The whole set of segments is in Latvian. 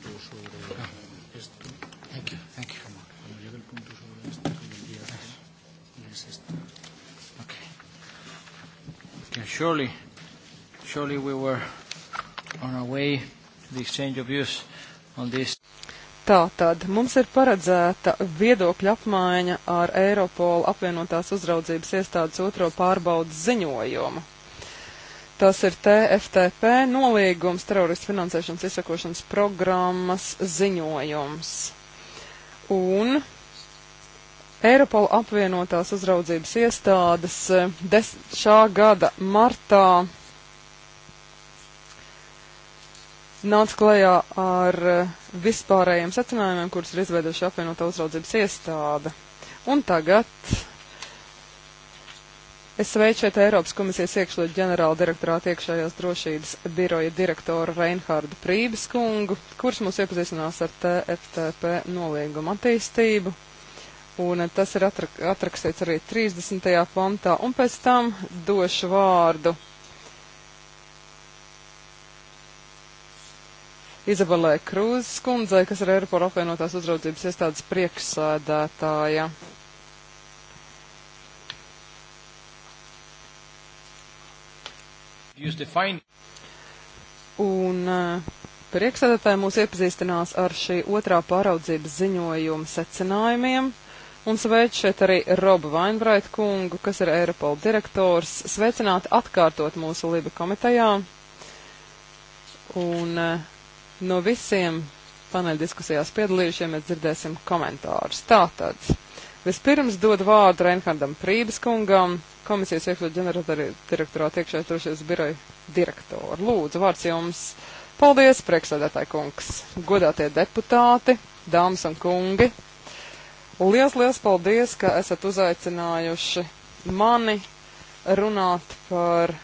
punto sobre esto. Thank you. Thank you. Cuando llegue el punto sobre esto, sobre el día de es esto. Okay. Okay, surely, surely we were on our way to the exchange of views on this. Tātad mums ir paredzēta viedokļa apmaiņa ar Eiropolu apvienotās uzraudzības iestādes otro pārbaudas ziņojumu. Tas ir TFTP nolīgums, teroristu finansēšanas izsakošanas programmas ziņojums. Un Eiropola apvienotās uzraudzības iestādes eh, des, šā gada martā nāca klajā ar eh, vispārējiem secinājumiem, kurus ir izveidojuši apvienotā uzraudzības iestāde. Un tagad Es sveicu šeit Eiropas komisijas iekšļietu ģenerāla direktorāta iekšējās drošības biroja direktoru Reinhārdu Prības kungu, kurš mūs iepazīstinās ar TFTP noliegumu attīstību. Un eh, tas ir atrak atrakstīts arī 30. pantā, un pēc tam došu vārdu Izabelē Krūzes kundzei, kas ir Eiropas apvienotās uzraudzības iestādes priekšsēdētāja. Un uh, priekšsēdētāji mūs iepazīstinās ar šī otrā pāraudzības ziņojuma secinājumiem. Un sveic šeit arī Robu Vainbraita kungu, kas ir Eiropola direktors. Sveicināti atkārtot mūsu Liba komitejā. Un uh, no visiem paneļdiskusijās piedalījušiem mēs dzirdēsim komentārus. Tātad. Vispirms dod vārdu Reinhardam Prības kungam, komisijas iekšļu ģenerāldirektorāta iekšējā turšies biroja direktoru. Lūdzu, vārds jums. Paldies, priekšsēdētāji kungs, godātie deputāti, dāmas un kungi. Liels, liels paldies, ka esat uzaicinājuši mani runāt par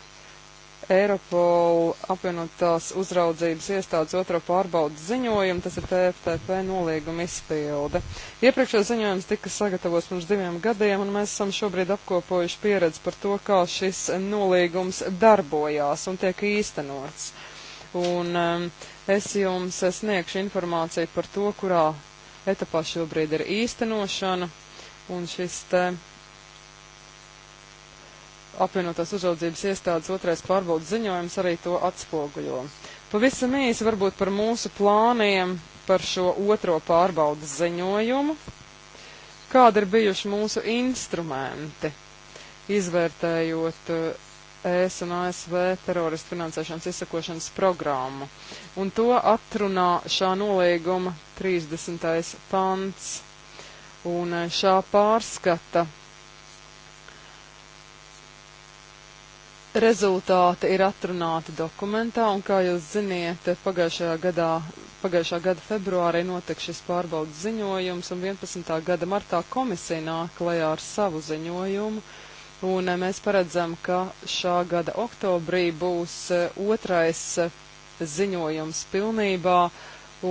Eiropolu apvienotās uzraudzības iestādes otro pārbaudas ziņojumu, tas ir TFTP nolieguma izpilde. Iepriekšējais ziņojums tika sagatavots pirms diviem gadiem, un mēs esam šobrīd apkopojuši pieredzi par to, kā šis noliegums darbojās un tiek īstenots. Un um, es jums sniegšu informāciju par to, kurā etapā šobrīd ir īstenošana, un šis te apvienotās uzraudzības iestādes otrais pārbaudas ziņojums arī to atspoguļo. Pavisam īsi varbūt par mūsu plāniem par šo otro pārbaudas ziņojumu. Kādi ir bijuši mūsu instrumenti, izvērtējot ES eh, e un ASV teroristu finansēšanas izsakošanas programmu? Un to atrunā šā nolīguma 30. pants. Un eh, šā pārskata Rezultāti ir atrunāti dokumentā, un kā jūs ziniet, pagājušajā, gadā, pagājušā gada februārī notika šis pārbaudas ziņojums, un 11. gada martā komisija nāk klajā ar savu ziņojumu, un e, mēs paredzam, ka šā gada oktobrī būs e, otrais e, ziņojums pilnībā,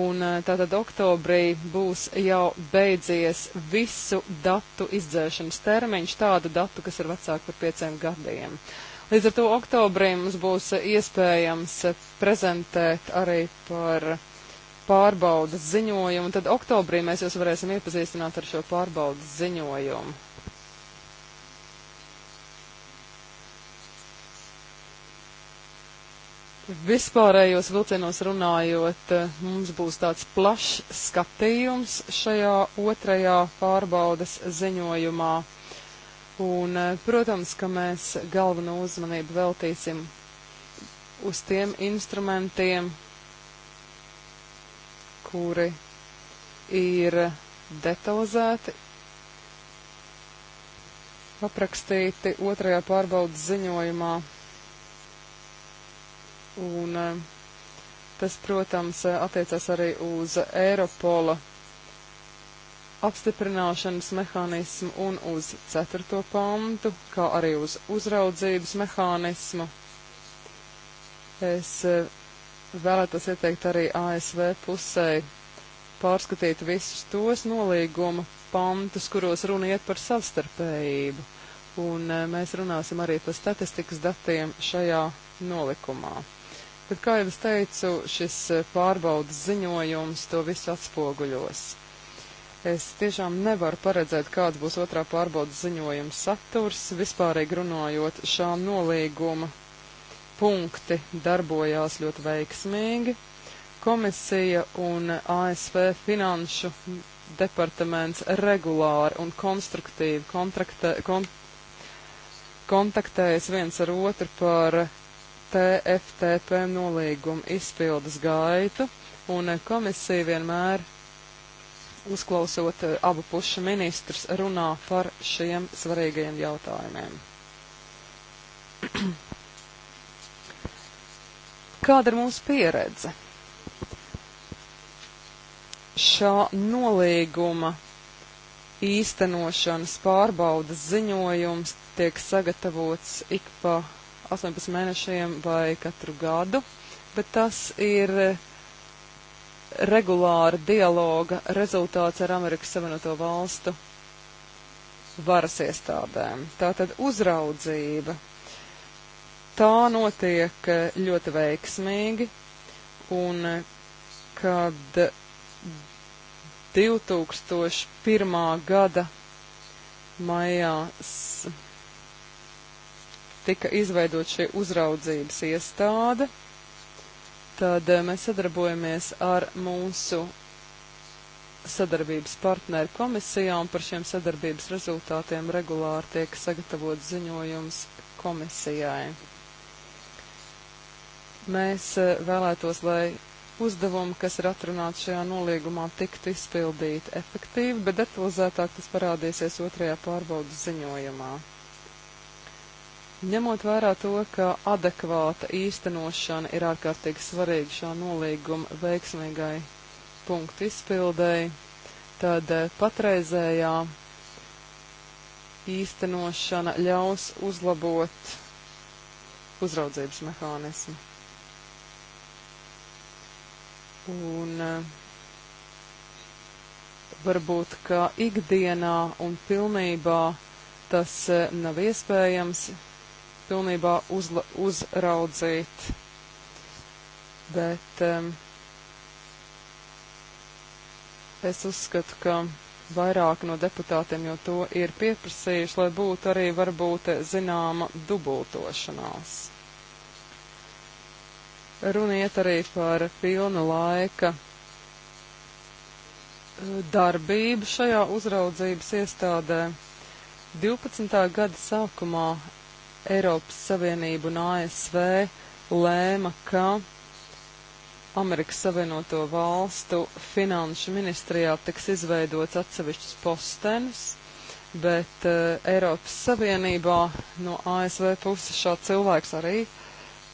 un tātad oktobrī būs jau beidzies visu datu izdzēšanas termiņš, tādu datu, kas ir vecāki par pieciem gadiem. Uh, Līdz ar to oktobrī mums būs eh, iespējams eh, prezentēt arī par pārbaudas ziņojumu, tad oktobrī mēs jūs varēsim iepazīstināt ar šo pārbaudas ziņojumu. Vispārējos vilcienos runājot, eh, mums būs tāds plašs skatījums šajā otrajā pārbaudas ziņojumā. Un, eh, protams, ka mēs galveno uzmanību veltīsim uz tiem instrumentiem, kuri ir detalizēti aprakstīti otrajā pārbaudas ziņojumā. Un eh, tas, protams, eh, attiecas arī uz Eiropola apstiprināšanas mehānismu un uz ceturto pantu, kā arī uz uzraudzības mehānismu. Es eh, vēlētos ieteikt arī ASV pusē pārskatīt visus tos nolīguma pantus, kuros runa iet par savstarpējību. Un eh, mēs runāsim arī par statistikas datiem šajā nolikumā. Bet, kā jau es teicu, šis eh, pārbaudas ziņojums to visu atspoguļos. Es tiešām nevaru paredzēt, kāds būs otrā pārbaudas ziņojuma saturs. Vispārīgi runājot, šā nolīguma punkti darbojās ļoti veiksmīgi. Komisija un ASV finanšu departaments regulāri un konstruktīvi kontraktē, kon, kontaktējas viens ar otru par TFTP nolīgumu izpildes gaitu, un komisija vienmēr uzklausot eh, abu pušu ministrus, runā par šiem svarīgajiem jautājumiem. Kāda ir mūsu pieredze? Šā nolīguma īstenošanas pārbaudas ziņojums tiek sagatavots ik pa 18 mēnešiem vai katru gadu, bet tas ir uh, regulāra dialoga rezultāts ar Amerikas Savienoto Valstu varas iestādēm. Tātad uzraudzība. Tā notiek eh, ļoti veiksmīgi, un eh, kad 2001. gada maijā tika izveidot šī uzraudzības iestāde, tad eh, mēs sadarbojamies ar mūsu sadarbības partneru komisijā, un par šiem sadarbības rezultātiem regulāri tiek sagatavot ziņojums komisijai. Mēs eh, vēlētos, lai uzdevumi, kas ir atrunāti šajā noliegumā, tiktu izpildīti efektīvi, bet detalizētāk tas parādīsies otrajā pārbaudas ziņojumā. Ņemot vērā to, ka adekvāta īstenošana ir ārkārtīgi svarīga šā nolīguma veiksmīgai punktu izpildēji, tad eh, patreizējā īstenošana ļaus uzlabot uzraudzības mehānismu. Un eh, varbūt, ka ikdienā un pilnībā tas eh, nav iespējams, pilnībā uzla, uzraudzīt. Bet um, es uzskatu, ka vairāk no deputātiem jau to ir pieprasījuši, lai būtu arī varbūt zināma dubultošanās. Runiet arī par pilna laika e, darbību šajā uzraudzības iestādē. 12. gada sākumā Eiropas Savienība un ASV lēma, ka Amerikas Savienoto Valstu finanšu ministrijā tiks izveidots atsevišķs postenis, bet uh, Eiropas Savienībā no ASV puses šāds cilvēks arī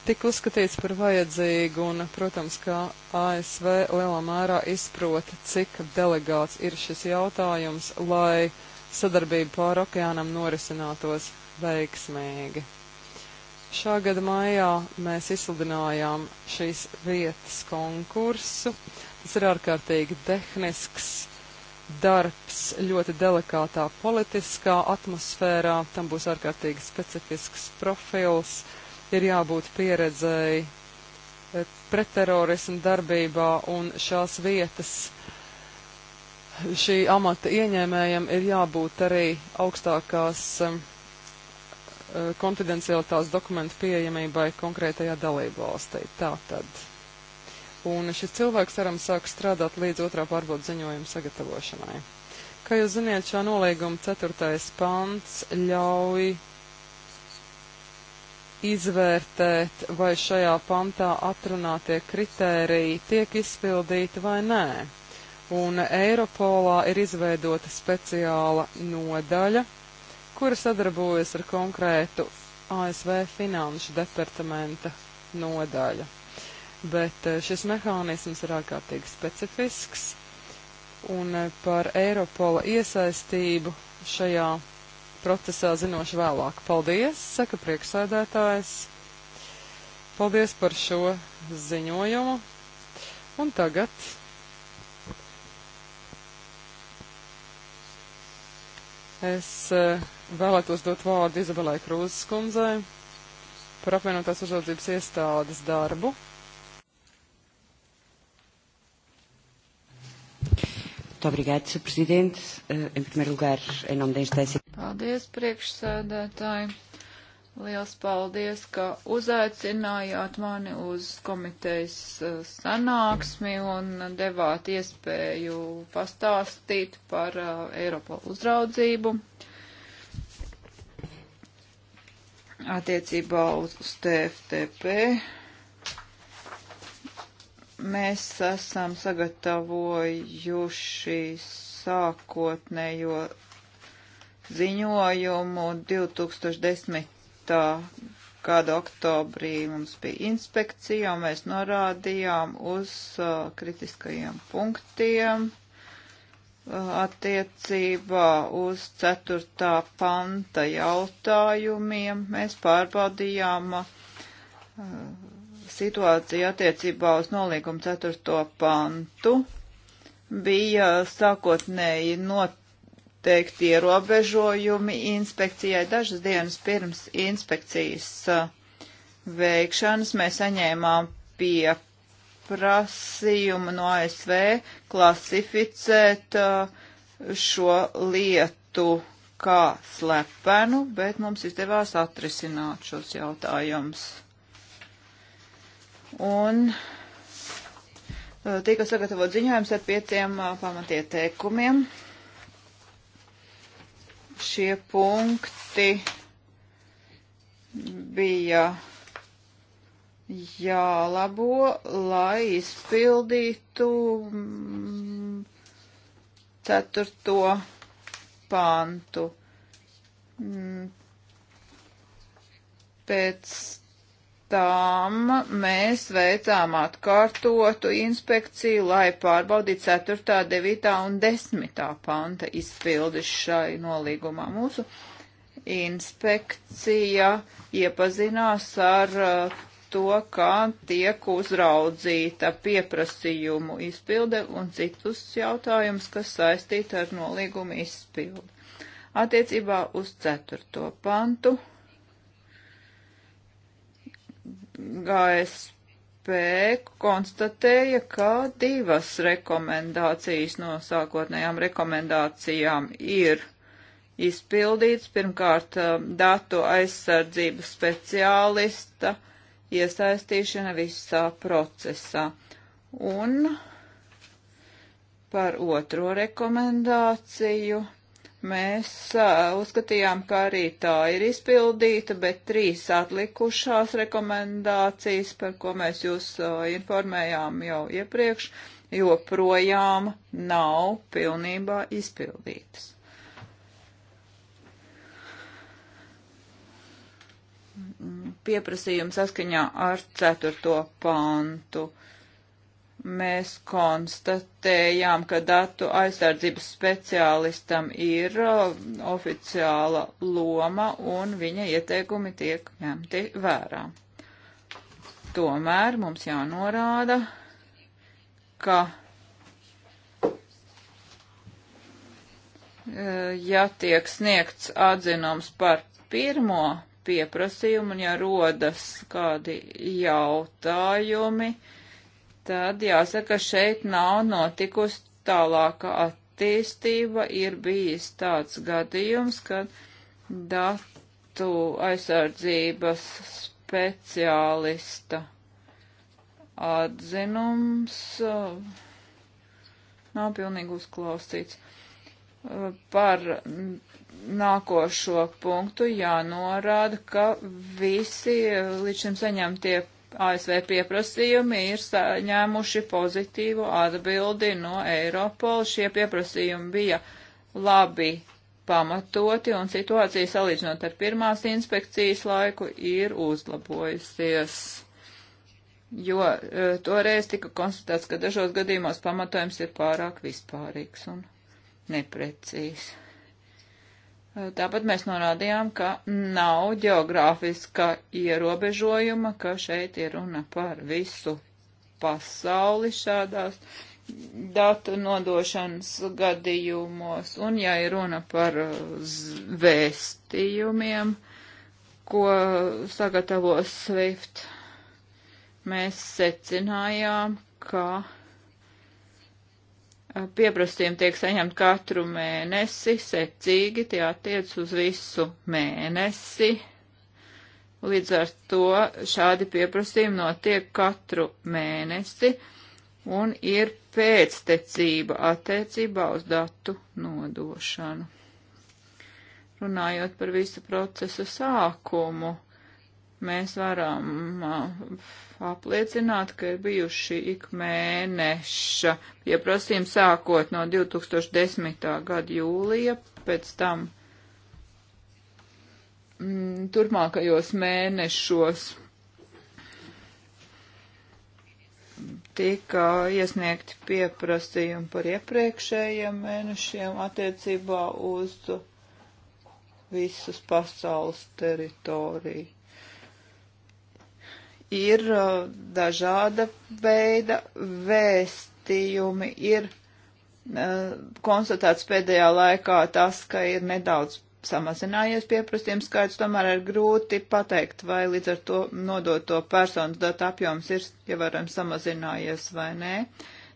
tika uzskatīts par vajadzīgu, un, protams, kā ASV lielā mērā izprota, cik delegāts ir šis jautājums, lai sadarbība pāri okeānam norisinātos veiksmīgi. Šā gada maijā mēs izsludinājām šīs vietas konkursu. Tas ir ārkārtīgi tehnisks darbs, ļoti delikātā politiskā atmosfērā. Tam būs ārkārtīgi specifisks profils. Ir jābūt pieredzēji e, pretterorismu darbībā un šās vietas šī amata ieņēmējiem ir jābūt arī augstākās um, Eh, konfidencialitātes dokumentu pieejamībai konkrētajā dalībvalstī. Tā tad. Un šis cilvēks, ceram, sāk strādāt līdz otrā pārbaudas ziņojuma sagatavošanai. Kā jūs ziniet, šā nolīguma ceturtais pants ļauj izvērtēt, vai šajā pantā atrunātie kritēriji tiek izpildīti vai nē. Un Eiropolā ir izveidota speciāla nodaļa, kura sadarbojas ar konkrētu ASV finanšu departamenta nodaļu. Bet eh, šis mehānisms ir ārkārtīgi specifisks, un eh, par Eiropola iesaistību šajā procesā zinoši vēlāk. Paldies, saka priekšsēdētājs. Paldies par šo ziņojumu. Un tagad es eh, vēlētos dot vārdu Izabelai Krūzes kundzei par apvienotās uzraudzības iestādes darbu. Obrigada, Sr. Presidente. Eh, em primeiro lugar, em nome da instância. Paldies, priekšsēdētāji. Liels paldies, ka uzaicinājāt mani uz komitejas eh, sanāksmi un devāt iespēju pastāstīt par uh, Eiropa uzraudzību. Uh, attiecībā uz TFTP mēs esam sagatavojuši sākotnējo ziņojumu 2010. gada oktobrī mums bija inspekcija, un mēs norādījām uz uh, kritiskajiem punktiem attiecībā uz 4. panta jautājumiem. Mēs pārbaudījām uh, situāciju attiecībā uz nolīgumu 4. pantu. Bija sākotnēji noteikti ierobežojumi inspekcijai dažas dienas pirms inspekcijas uh, veikšanas. Mēs saņēmām pie prasījumu no ASV klasificēt uh, šo lietu kā slepenu, bet mums izdevās atrisināt šos jautājumus. Un uh, tika sagatavot ziņojums ar pieciem uh, pamatieteikumiem. Šie punkti bija jālabo, lai izpildītu mm, ceturto pantu. Mm. Pēc tam mēs veicām atkārtotu inspekciju, lai pārbaudītu 4., 9. un 10. panta izpildi šai nolīgumā. Mūsu inspekcija iepazinās ar uh, to, kā tiek uzraudzīta pieprasījumu izpilde un citus jautājumus, kas saistīti ar nolīgumu izpildi. Attiecībā uz ceturto pantu GSP konstatēja, ka divas rekomendācijas no sākotnējām rekomendācijām ir izpildīts. Pirmkārt, datu aizsardzības speciālista iesaistīšana visā procesā. Un par otro rekomendāciju mēs uh, uzskatījām, ka arī tā ir izpildīta, bet trīs atlikušās rekomendācijas, par ko mēs jūs uh, informējām jau iepriekš, joprojām nav pilnībā izpildītas. Mm pieprasījumu saskaņā ar 4. pantu. Mēs konstatējām, ka datu aizsardzības speciālistam ir uh, oficiāla loma un viņa ieteikumi tiek ņemti vērā. Tomēr mums jānorāda, ka uh, ja tiek sniegts atzinums par pirmo pieprasījumu, un ja rodas kādi jautājumi, tad jāsaka, šeit nav notikusi tālāka attīstība. Ir bijis tāds gadījums, kad datu aizsardzības speciālista atzinums uh, nav pilnīgi uzklausīts par nākošo punktu jānorāda, ka visi līdz šim saņemtie ASV pieprasījumi ir saņēmuši pozitīvu atbildi no Eiropola. Šie pieprasījumi bija labi pamatoti un situācija salīdzinot ar pirmās inspekcijas laiku ir uzlabojusies. Jo eh, toreiz tika konstatēts, ka dažos gadījumos pamatojums ir pārāk vispārīgs un neprecīzi. Tāpat mēs norādījām, ka nav geogrāfiska ierobežojuma, ka šeit ir runa par visu pasauli šādās datu nodošanas gadījumos, un ja ir runa par uh, vēstījumiem, ko sagatavos Swift, mēs secinājām, ka Eh, pieprasījumi tiek saņemti katru mēnesi, secīgi tie attiec uz visu mēnesi. Līdz ar to šādi pieprasījumi notiek katru mēnesi un ir pēctecība attiecībā uz datu nodošanu. Runājot par visu procesa sākumu, Mēs varam uh, apliecināt, ka ir bijuši ik mēneša pieprasījumi sākot no 2010. gada jūlija, pēc tam mm, turpmākajos mēnešos tika iesniegti pieprasījumi par iepriekšējiem mēnešiem attiecībā uz visas pasaules teritoriju ir uh, dažāda veida vēstījumi, ir uh, konstatēts pēdējā laikā tas, ka ir nedaudz samazinājies pieprasījums skaits, tomēr ir grūti pateikt, vai līdz ar to nodot to personas datu apjoms ir ievērojami ja samazinājies vai nē.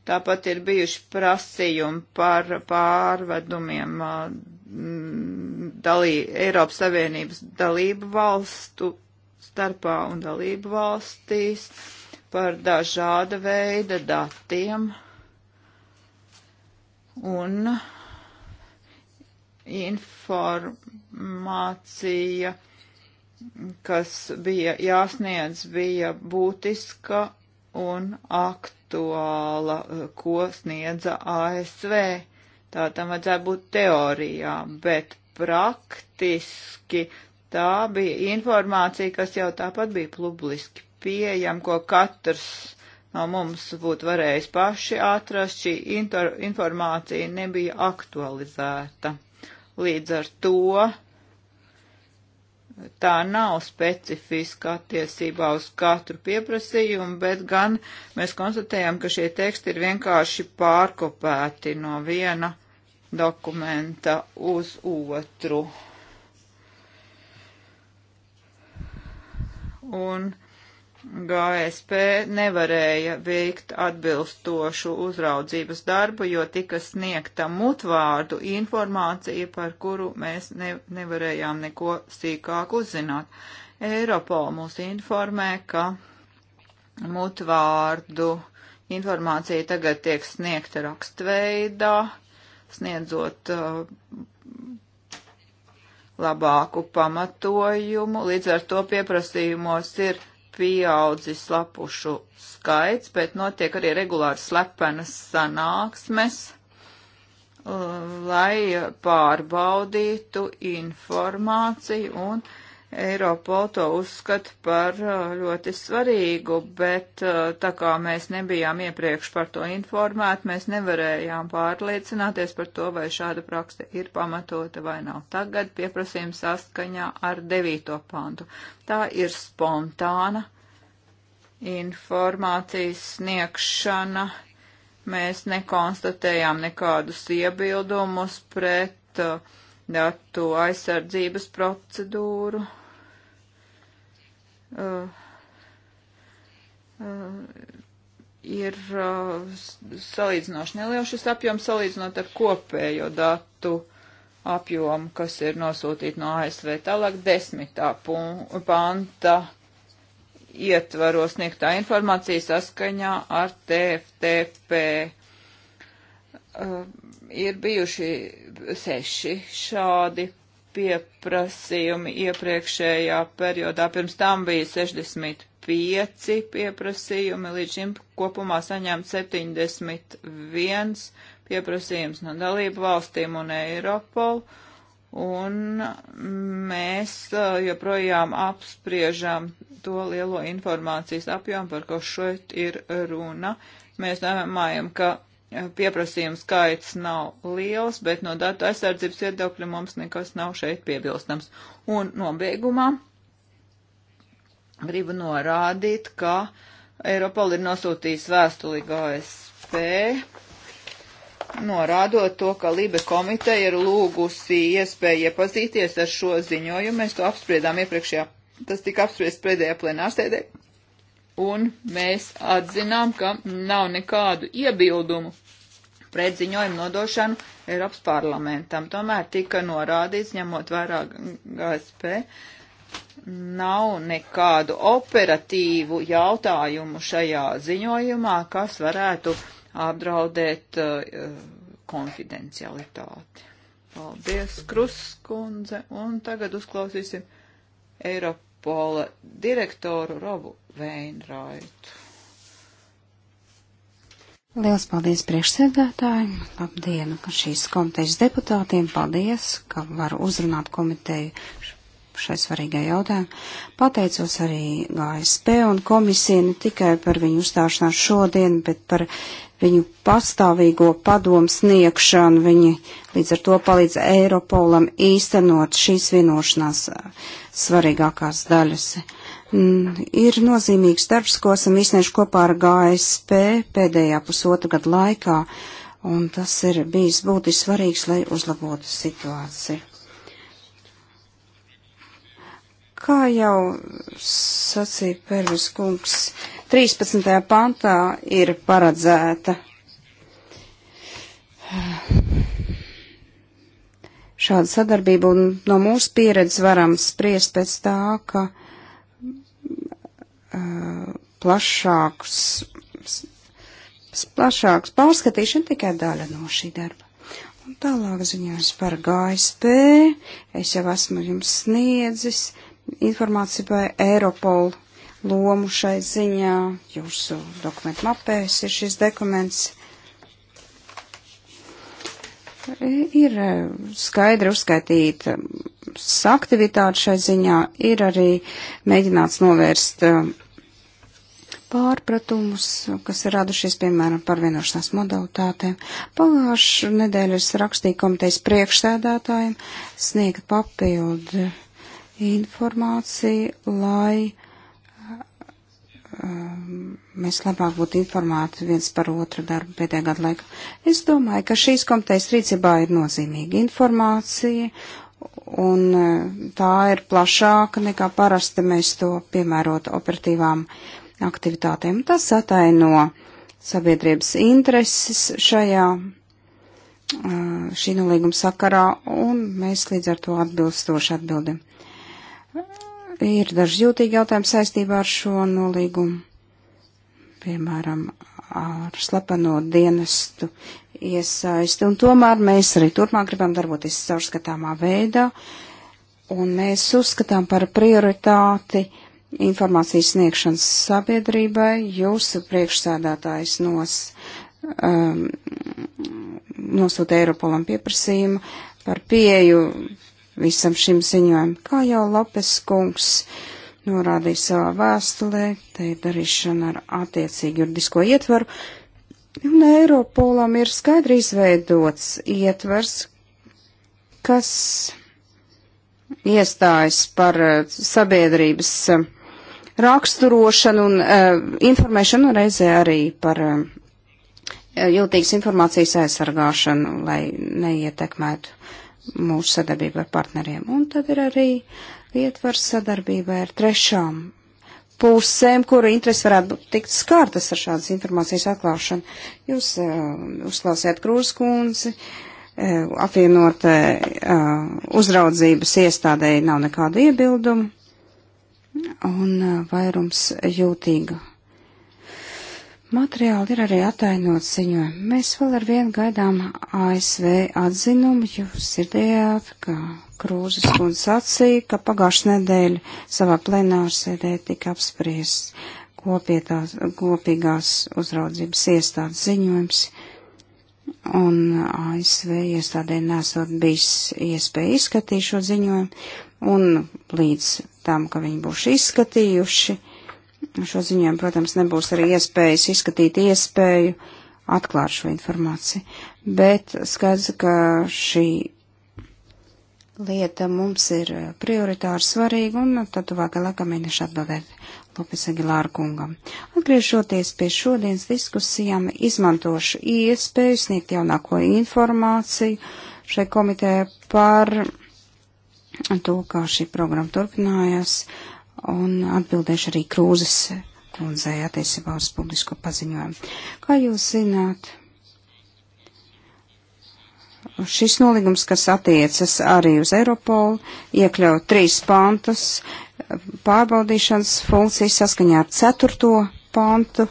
Tāpat ir bijuši prasījumi par pārvedumiem uh, dalī, Eiropas Savienības dalību valstu starpā un dalību valstīs par dažāda veida datiem un informācija, kas bija jāsniedz, bija būtiska un aktuāla, ko sniedza ASV. Tā tam vajadzētu būt teorijā, bet praktiski Tā bija informācija, kas jau tāpat bija publiski pieejama, ko katrs no mums būtu varējis paši atrast. Šī informācija nebija aktualizēta. Līdz ar to tā nav specifiska attiecībā uz katru pieprasījumu, bet gan mēs konstatējam, ka šie teksti ir vienkārši pārkopēti no viena dokumenta uz otru. un GSP nevarēja veikt atbilstošu uzraudzības darbu, jo tika sniegta mutvārdu informācija, par kuru mēs ne, nevarējām neko sīkāk uzzināt. Eiropol mūs informē, ka mutvārdu informācija tagad tiek sniegta rakstveidā, sniedzot uh, labāku pamatojumu, līdz ar to pieprasījumos ir pieaudzis lapušu skaits, bet notiek arī regulāri slepenas sanāksmes, lai pārbaudītu informāciju un informāciju Eiropol to uzskata par uh, ļoti svarīgu, bet uh, tā kā mēs nebijām iepriekš par to informēti, mēs nevarējām pārliecināties par to, vai šāda praksa ir pamatota vai nav. Tagad pieprasījums saskaņā ar 9. pantu. Tā ir spontāna informācijas sniegšana. Mēs nekonstatējām nekādus iebildumus pret uh, datu aizsardzības procedūru uh, uh, ir uh, salīdzinoši neliels šis apjoms salīdzinot ar kopējo datu apjomu, kas ir nosūtīti no ASV. Tālāk desmitā panta ietvaros sniegtā informācija saskaņā ar TFTP. Uh, ir bijuši seši šādi pieprasījumi iepriekšējā periodā. Pirms tam bija 65 pieprasījumi, līdz šim kopumā saņemt 71 pieprasījums no dalību valstīm un Eiropolu. Un mēs uh, joprojām apspriežam to lielo informācijas apjomu, par ko šeit ir runa. Mēs domājam, ka pieprasījums skaits nav liels, bet no datu aizsardzības viedokļa mums nekas nav šeit piebilstams. Un nobeigumā gribu norādīt, ka Eiropola ir nosūtījis vēstuli GSP, norādot to, ka Libe komiteja ir lūgusi iespēju iepazīties ar šo ziņojumu. Mēs to apspriedām iepriekšējā, tas tika apspriests pēdējā plenārsēdē un mēs atzinām, ka nav nekādu iebildumu pret ziņojumu nodošanu Eiropas parlamentam. Tomēr tika norādīts, ņemot vērā GSP, nav nekādu operatīvu jautājumu šajā ziņojumā, kas varētu apdraudēt uh, konfidencialitāti. Paldies, Kruskundze, un tagad uzklausīsim Eiropola direktoru Robu Veinraitu. Liels paldies priekšsēdētājiem, labdienu šīs komitejas deputātiem, paldies, ka varu uzrunāt komiteju šai svarīgai jautājumai. Pateicos arī GSP un komisiju ne tikai par viņu uzstāšanās šodien, bet par viņu pastāvīgo padomu sniegšanu. Viņi līdz ar to palīdz Eiropolam īstenot šīs vienošanās svarīgākās daļas. Mm, ir nozīmīgs darbs, ko esam izsnieguši kopā ar GSP pēdējā pusotra gada laikā, un tas ir bijis būtiski svarīgs, lai uzlabotu situāciju. Kā jau sacīja Pervis kungs, 13. pantā ir paredzēta šāda sadarbība, un no mūsu pieredzes varam spriest pēc tā, ka uh, plašāks, plašāks pārskatīšana tikai daļa no šī darba. Un tālāk ziņojums par GSP. Es jau esmu jums sniedzis informāciju par Eiropolu lomu šai ziņā. Jūsu dokumentu mapēs ir šis dokuments. E, ir e, skaidri uzskaitīta e, aktivitāte šai ziņā, ir arī mēģināts novērst pārpratumus, kas ir radušies, piemēram, par vienošanās modalitātēm. Pagājušā nedēļa es rakstīju komitejas priekšsēdētājiem sniegt papildu informāciju, lai Ehm, mēs labāk būtu informēti viens par otru darbu pēdējā gada laikā. Es domāju, ka šīs komitejas rīcībā ir nozīmīga informācija, un e, tā ir plašāka nekā parasti mēs to piemērot operatīvām aktivitātēm. Tas ataino sabiedrības intereses šajā e, šī nolīguma sakarā, un mēs līdz ar to atbilstoši atbildim. Ir daži jūtīgi jautājumi saistībā ar šo nolīgumu, piemēram, ar slepeno dienestu iesaisti, un tomēr mēs arī turpmāk gribam darboties caurskatāmā veidā, un mēs uzskatām par prioritāti informācijas sniegšanas sabiedrībai, jūsu priekšsēdētājs nos, um, nosūta Eiropolam pieprasījumu par pieju visam šim ziņojumam. Kā jau Lopes kungs norādīja savā vēstulē, te ir darīšana ar attiecīgu juridisko ietvaru, un Eiropolam ir skaidri izveidots ietvers, kas iestājas par eh, sabiedrības eh, raksturošanu un uh, informēšanu reizē arī par uh, jūtīgas informācijas aizsargāšanu, lai neietekmētu uh, mūsu sadarbību ar partneriem. Un tad ir arī ietvars sadarbībai ar trešām pusēm, kuru interesi varētu tikt skārtas ar šādas informācijas atklāšanu. Jūs uh, uzklausījāt Krūskundzi, uh, eh, apvienot uh, uzraudzības iestādēji nav nekādu iebildumu, un uh, vairums jūtīga Materiāli ir arī atainot ziņojumi. Mēs vēl ar vienu gaidām ASV atzinumu. Jūs dzirdējāt, ka Krūzes kundze sacīja, ka pagājušā nedēļa savā plenārsēdē tika apspriests kopietās, kopīgās uzraudzības iestādes ziņojums. Un ASV iestādē nesot bijis iespēja izskatīt šo ziņojumu. Un līdz tam, ka viņi būs izskatījuši, uh, šo ziņojumu, protams, nebūs arī iespējas izskatīt iespēju atklāt šo informāciju. Bet skaidrs, ka šī lieta mums ir prioritāri svarīga, un tad tuvākajā laikā mēģināšu atbildēt Lopes Agilāru kungam. Atgriežoties pie šodienas diskusijām, izmantošu iespēju sniegt jaunāko informāciju šai komitē par to, kā šī programma turpinājās. Uh, un atbildēšu arī krūzes kundzei attiecībā uz publisko paziņojumu. Kā jūs zināt, šis nolīgums, kas attiecas arī uz Eiropolu, iekļauj trīs pantus pārbaudīšanas funkcijas saskaņā ar ceturto pantu.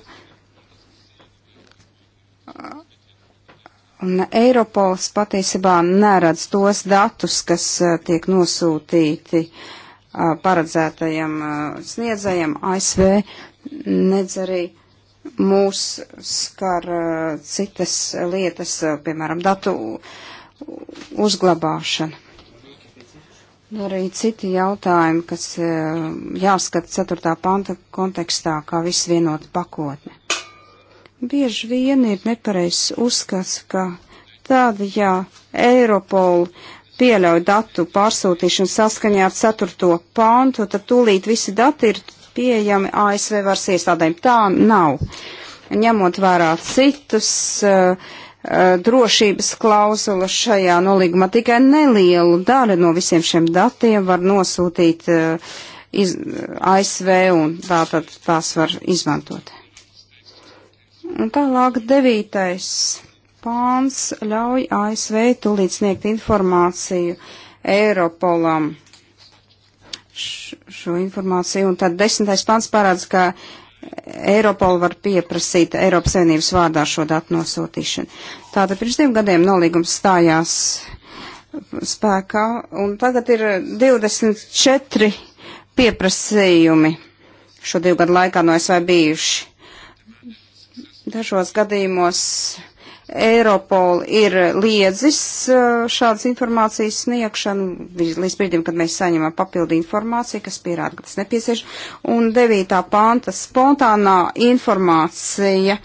Un Eiropols patiesībā neredz tos datus, kas eh, tiek nosūtīti uh, paredzētajam sniedzējam ASV, nedz arī mūs skar citas lietas, piemēram, datu uzglabāšana. Arī citi jautājumi, kas jāskata 4. panta kontekstā, kā viss vienota pakotne. Bieži vien ir nepareizs uzskats, ka tad, ja Eiropola pieļauj datu pārsūtīšanu saskaņā ar 4. pāntu, tad tūlīt visi dati ir pieejami ASV varas iestādēm. Tā nav. Ņemot vērā citus uh, drošības klauzula šajā nolīgumā tikai nelielu daļu no visiem šiem datiem var nosūtīt uh, iz, ASV un tātad tās var izmantot. Un tālāk devītais pāns ļauj ASV tulīt sniegt informāciju Eiropolam šo informāciju, un tad desmitais pāns parāds, ka Eiropola var pieprasīt Eiropas Savienības vārdā šo datu nosūtīšanu. Tātad pirms diviem gadiem nolīgums stājās spēkā, un tagad ir 24 pieprasījumi šo divu gadu laikā no SV bijuši. Dažos gadījumos Eiropola ir liedzis uh, šādas informācijas sniegšanu līdz brīdim, kad mēs saņemam papildu informāciju, kas pierāda, ka tas nepieciešams. Un 9. panta spontānā informācija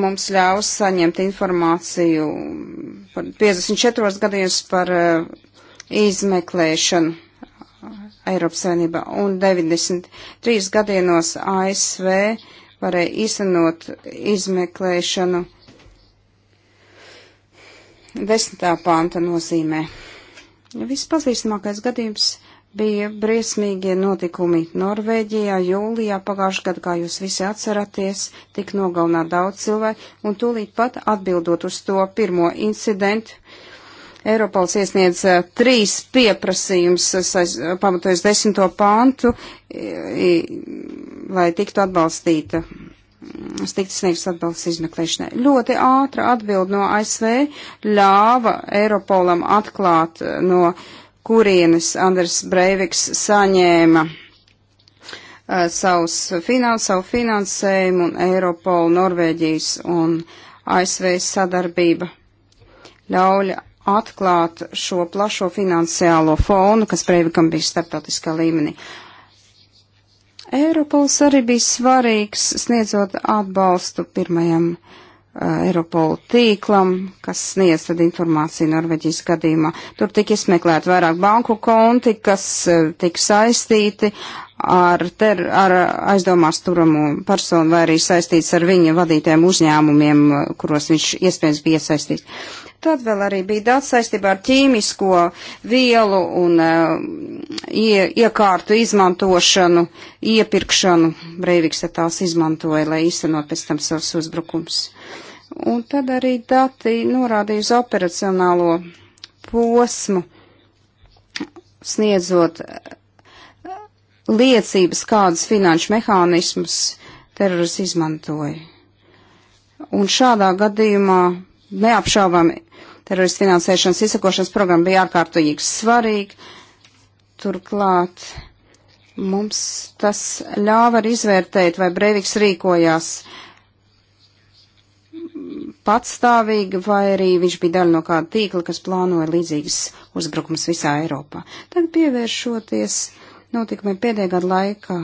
mums ļaus saņemt informāciju par 54 gadījums par uh, izmeklēšanu. Eiropas Savienībā un 93 gadienos ASV varēja izsanot izmeklēšanu uh, Vesmitā panta nozīmē. Vispazīstamākais gadījums bija briesmīgie notikumi Norvēģijā jūlijā pagājušajā gadā, kā jūs visi atceraties, tik nogalināt daudz cilvēku, un tūlīt pat atbildot uz to pirmo incidentu, Eiropals iesniedz eh, trīs pieprasījums, eh, pamatojas desmito pāntu, eh, lai tiktu atbalstīta tikt sniegts atbalsts izmeklēšanai. Ļoti ātra atbild no ASV ļāva Eiropolam atklāt, eh, no kurienes Anders Breiviks saņēma uh, savus finans, savu finansējumu un Eiropolu Norvēģijas un ASV sadarbība ļauja atklāt šo plašo finansiālo fonu, kas Breivikam bija starptautiskā līmenī. Uh, Eiropols arī bija svarīgs, sniedzot atbalstu pirmajam uh, Eiropola tīklam, kas sniedz tad informāciju Norveģijas gadījumā. Tur tika izmeklēt vairāk banku konti, kas uh, tika saistīti ar, ter, ar aizdomās turamu personu vai arī saistīts ar viņa vadītiem uzņēmumiem, uh, kuros viņš iespējams bija iesaistīts. Tad vēl arī bija daudz saistībā ar ķīmisko vielu un uh, ie, iekārtu izmantošanu, iepirkšanu. Breiviks tās izmantoja, lai īstenot pēc tam savus uzbrukums. Un tad arī dati norādīja uz operacionālo posmu, sniedzot eh, liecības, kādas finanšu mehānismus terorists izmantoja. Un šādā gadījumā neapšaubami teroristu finansēšanas izsakošanas programma bija ārkārtīgi svarīga. Turklāt mums tas ļāva arī izvērtēt, vai Breiviks rīkojās patstāvīgi, vai arī viņš bija daļa no kāda tīkla, kas plānoja līdzīgas uzbrukums visā Eiropā. Tad pievēršoties notikumiem pēdējā gada laika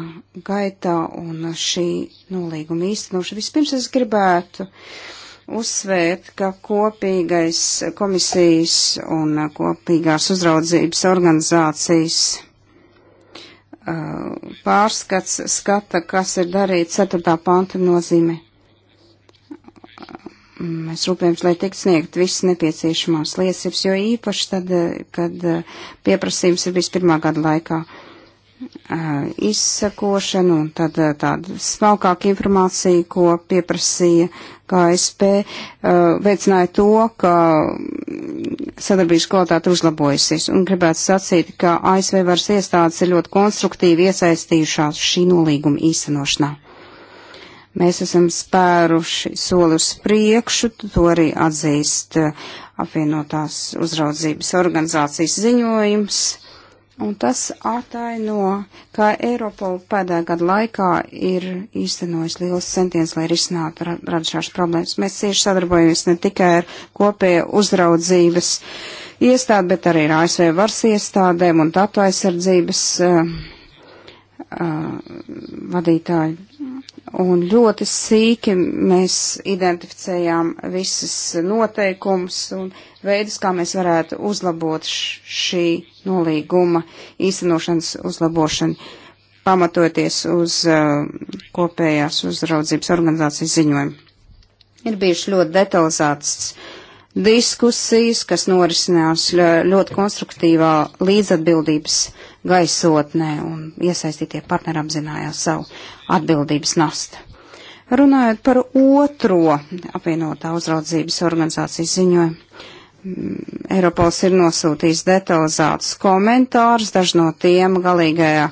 gaitā un šī nolīguma īstenošana, vispirms es gribētu uh, uzsvērt, ka kopīgais komisijas un uh, kopīgās uzraudzības organizācijas uh, pārskats skata, kas ir darīts 4. panta nozīme. Mēs rūpējamies, lai tiek sniegt visas nepieciešamās liecības, jo īpaši tad, uh, kad pieprasījums ir bijis pirmā gada laikā. Uh, izsakošanu un tad tāda smalkāka informācija, ko pieprasīja KSP, veicināja to, ka sadarbības kvalitāte uzlabojusies. Un gribētu sacīt, ka ASV varas iestādes ir ļoti konstruktīvi iesaistījušās šī nolīguma īstenošanā. Mēs esam spēruši soli uz priekšu, to arī atzīst apvienotās uzraudzības organizācijas ziņojums Un tas ataino, ka Eiropola pēdējā gada laikā ir īstenojis liels centiens, lai risinātu radušās problēmas. Mēs cieši sadarbojamies ne tikai ar kopēju uzraudzības iestādi, bet arī ar ASV varas iestādēm un datu aizsardzības uh, uh, vadītāju. Un ļoti sīki mēs identificējām visas noteikumus un veidus, kā mēs varētu uzlabot šī nolīguma īstenošanas uzlabošanu, pamatoties uz uh, kopējās uzraudzības organizācijas ziņojumu. Ir bijuši ļoti detalizētas diskusijas, kas norisinās ļoti konstruktīvā līdzatbildības gaisotnē, un iesaistītie partneri apzinājās savu atbildības nastu. Runājot par otro apvienotā uzraudzības organizācijas ziņojumu, Eiropols ir nosūtījis detalizētus komentārus, daži no tiem galīgajā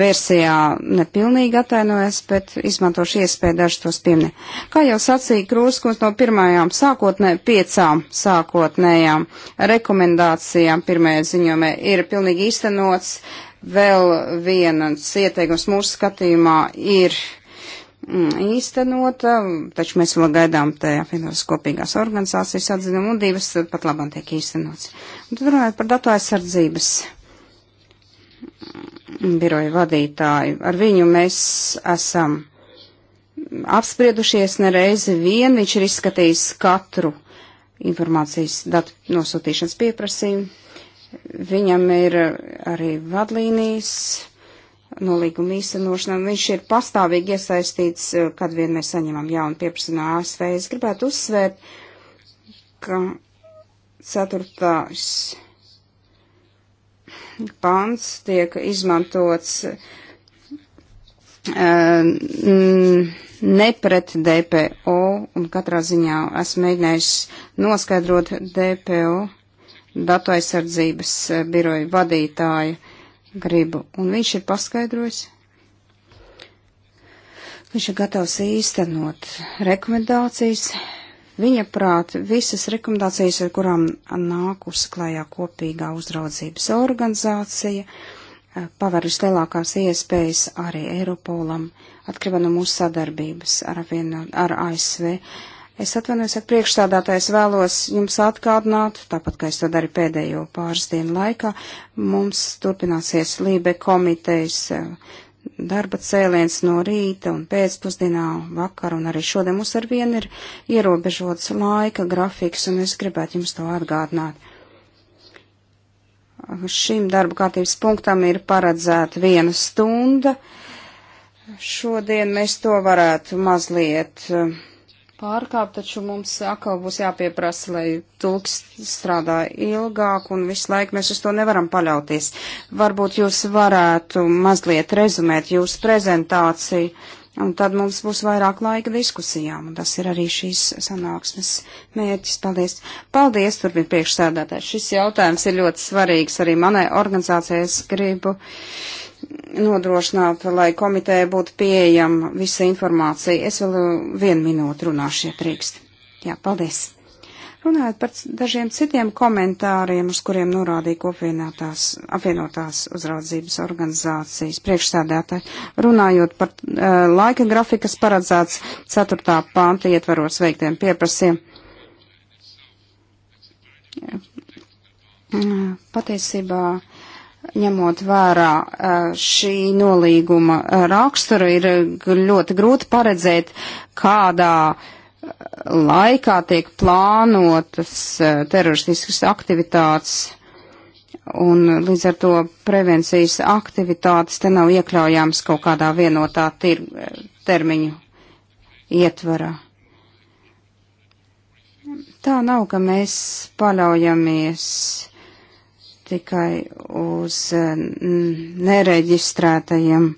versijā nepilnīgi atainojas, bet izmantošu iespēju daži tos pieminēt. Kā jau sacīja Krūskums no pirmajām sākotnē, piecām sākotnējām rekomendācijām pirmajā ziņomē ir pilnīgi īstenots, vēl viens ieteikums mūsu skatījumā ir īstenot, um, taču mēs vēl gaidām te apvienotās kopīgās organizācijas atzinumu un divas uh, pat labam tiek īstenots. Un tad runājot par datu aizsardzības mm, biroju vadītāju. Ar viņu mēs esam apspriedušies nereizi vien, viņš ir izskatījis katru informācijas datu nosūtīšanas pieprasījumu. Viņam ir uh, arī vadlīnijas nolīguma īstenošanām. Viņš ir pastāvīgi iesaistīts, eh, kad vien mēs saņemam jaunu pieprasījumu ASV. Es gribētu uzsvērt, ka ceturtās pants tiek izmantots eh, ne pret DPO, un katrā ziņā esmu mēģinājis noskaidrot DPO datu aizsardzības eh, biroju vadītāju gribu. Un viņš ir paskaidrojis, viņš ir gatavs īstenot rekomendācijas. Viņa prāt, visas rekomendācijas, ar kurām nāk uzklājā kopīgā uzraudzības organizācija, eh, paver vislielākās iespējas arī Eiropolam, atkarībā no mūsu sadarbības ar, vienu, ar ASV. Es atvainojos, ka priekšstādātājs vēlos jums atgādināt, tāpat kā es to daru pēdējo pāris dienu laikā, mums turpināsies Lībe komitejas eh, darba cēliens no rīta un pēcpusdienā vakar, un arī šodien mums ar vienu ir ierobežots laika grafiks, un es gribētu jums to atgādināt. Šim darba kārtības punktam ir paredzēta viena stunda. Šodien mēs to varētu mazliet uh, pārkāpt, taču mums atkal būs jāpieprasa, lai tulks strādā ilgāk un visu laiku mēs uz to nevaram paļauties. Varbūt jūs varētu mazliet rezumēt jūsu prezentāciju. Un tad mums būs vairāk laika diskusijām, un tas ir arī šīs sanāksmes mērķis. Paldies! Paldies, turpin priekšsēdētājs! Šis jautājums ir ļoti svarīgs arī manai organizācijai. Es gribu nodrošināt, lai komitē būtu pieejama visa informācija. Es vēl vienu minūtu runāšu, ja drīkst. Jā, paldies. Runājot par dažiem citiem komentāriem, uz kuriem norādīja kopienotās, apvienotās uzraudzības organizācijas priekšstādātāji, runājot par uh, laika grafikas paredzēts 4. panta ietvaros veiktiem pieprasiem. Patiesībā ņemot vērā šī nolīguma raksturu, ir ļoti grūti paredzēt, kādā laikā tiek plānotas teroristiskas aktivitātes, un līdz ar to prevencijas aktivitātes te nav iekļaujams kaut kādā vienotā tir, termiņu ietvarā. Tā nav, ka mēs paļaujamies tikai uz eh, nereģistrētajiem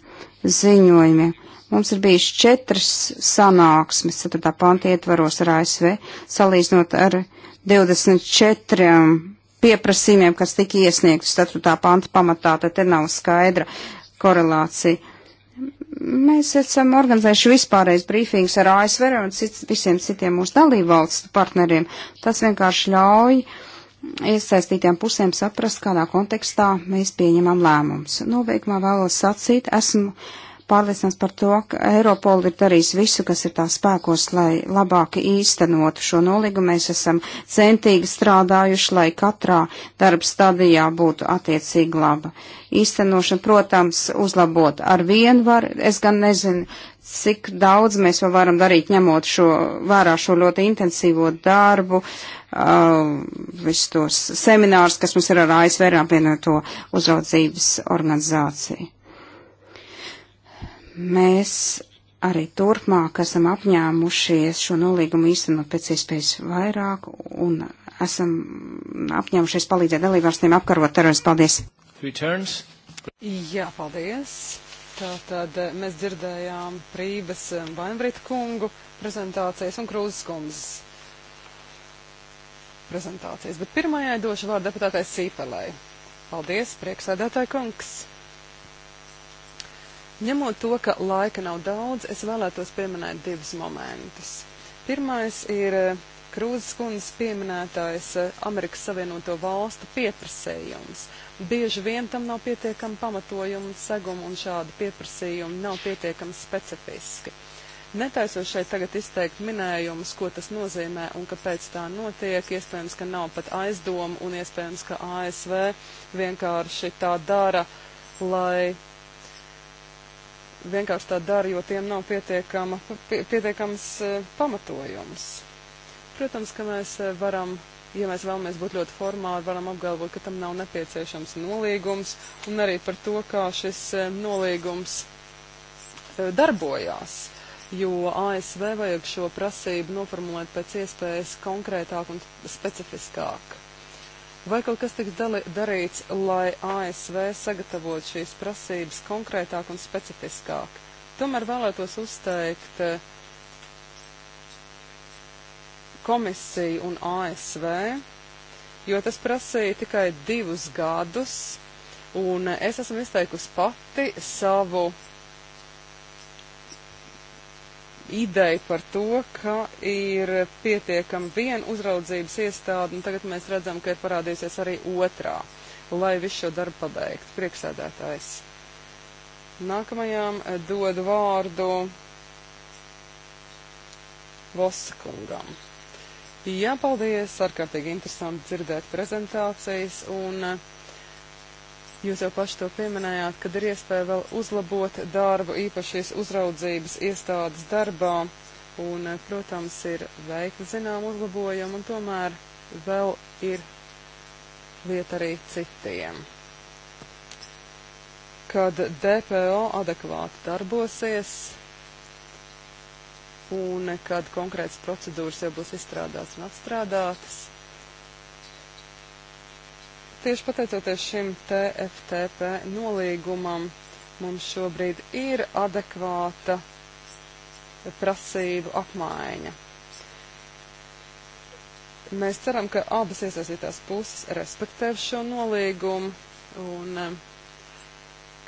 ziņojumiem. Mums ir bijis četras sanāksmes, 4. panta ietvaros ar ASV, salīdzinot ar 24 pieprasījumiem, kas tika iesniegti 4. panta pamatā, tad te nav skaidra korelācija. Mēs esam organizējuši vispārējais brīfings ar ASV un cits, visiem citiem mūsu dalībvalstu partneriem. Tas vienkārši ļauj uh, iesaistītām pusēm saprast, kādā kontekstā mēs pieņemam lēmumus. Nobeigumā vēlos sacīt, esmu pārliecināts par to, ka Eiropola ir darījis visu, kas ir tā spēkos, lai labāk īstenotu šo nolīgumu. Mēs esam centīgi strādājuši, lai katrā darba stadijā būtu attiecīgi laba īstenošana. Protams, uzlabot ar vienu var, es gan nezinu, cik daudz mēs vēl varam darīt, ņemot šo, vērā šo ļoti intensīvo darbu, uh, visus tos seminārus, kas mums ir ar ASV ar apvienoto uzraudzības organizāciju. Mēs arī turpmāk esam apņēmušies šo nolīgumu īstenot pēc iespējas vairāk un esam apņēmušies palīdzēt dalībvalstīm apkarot terorismu. Paldies! Returns. Jā, paldies! Tātad eh, mēs dzirdējām Prības eh, Vainbrita kungu prezentācijas un Krūzes kundzes prezentācijas, bet pirmajai došu vārdu deputātais Sīpelai. Paldies, prieksēdētāji kungs! Ņemot to, ka laika nav daudz, es vēlētos pieminēt divus momentus. Pirmais ir eh, Krūzes kundzes pieminētais Amerikas Savienoto valstu pieprasējums bieži vien tam nav pietiekama pamatojuma un seguma, un šādi pieprasījumi nav pietiekami specifiski. Netaisos šeit tagad izteikt minējumus, ko tas nozīmē un kāpēc tā notiek. Iespējams, ka nav pat aizdomu un iespējams, ka ASV vienkārši tā dara, lai vienkārši tā dara, jo tiem nav pietiekama, pie, pietiekams eh, pamatojums. Protams, ka mēs eh, varam ja mēs vēlamies būt ļoti formāli, varam apgalvot, ka tam nav nepieciešams nolīgums un arī par to, kā šis eh, nolīgums eh, darbojās. Jo ASV vajag šo prasību noformulēt pēc iespējas konkrētāk un specifiskāk. Vai kaut kas tiks darīts, lai ASV sagatavot šīs prasības konkrētāk un specifiskāk? Tomēr vēlētos uzteikt eh, komisiju un ASV, jo tas prasīja tikai divus gadus, un es esmu izteikusi pati savu ideju par to, ka ir pietiekami viena uzraudzības iestāde, un tagad mēs redzam, ka ir parādījusies arī otrā, lai visu šo darbu pabeigtu. Priekšsēdētājs. Nākamajām eh, dodu vārdu Voskungam. Jā, paldies, ārkārtīgi interesanti dzirdēt prezentācijas, un eh, jūs jau paši to pieminējāt, kad ir iespēja vēl uzlabot darbu, īpašies uzraudzības iestādes darbā, un, eh, protams, ir veikta zinām uzlabojumi, un tomēr vēl ir lieta arī citiem. Kad DPO adekvāti darbosies, un kad konkrētas procedūras jau būs izstrādātas un apstrādātas. Tieši pateicoties šim TFTP nolīgumam, mums šobrīd ir adekvāta prasību apmaiņa. Mēs ceram, ka abas iesaistītās puses respektēs šo nolīgumu un eh,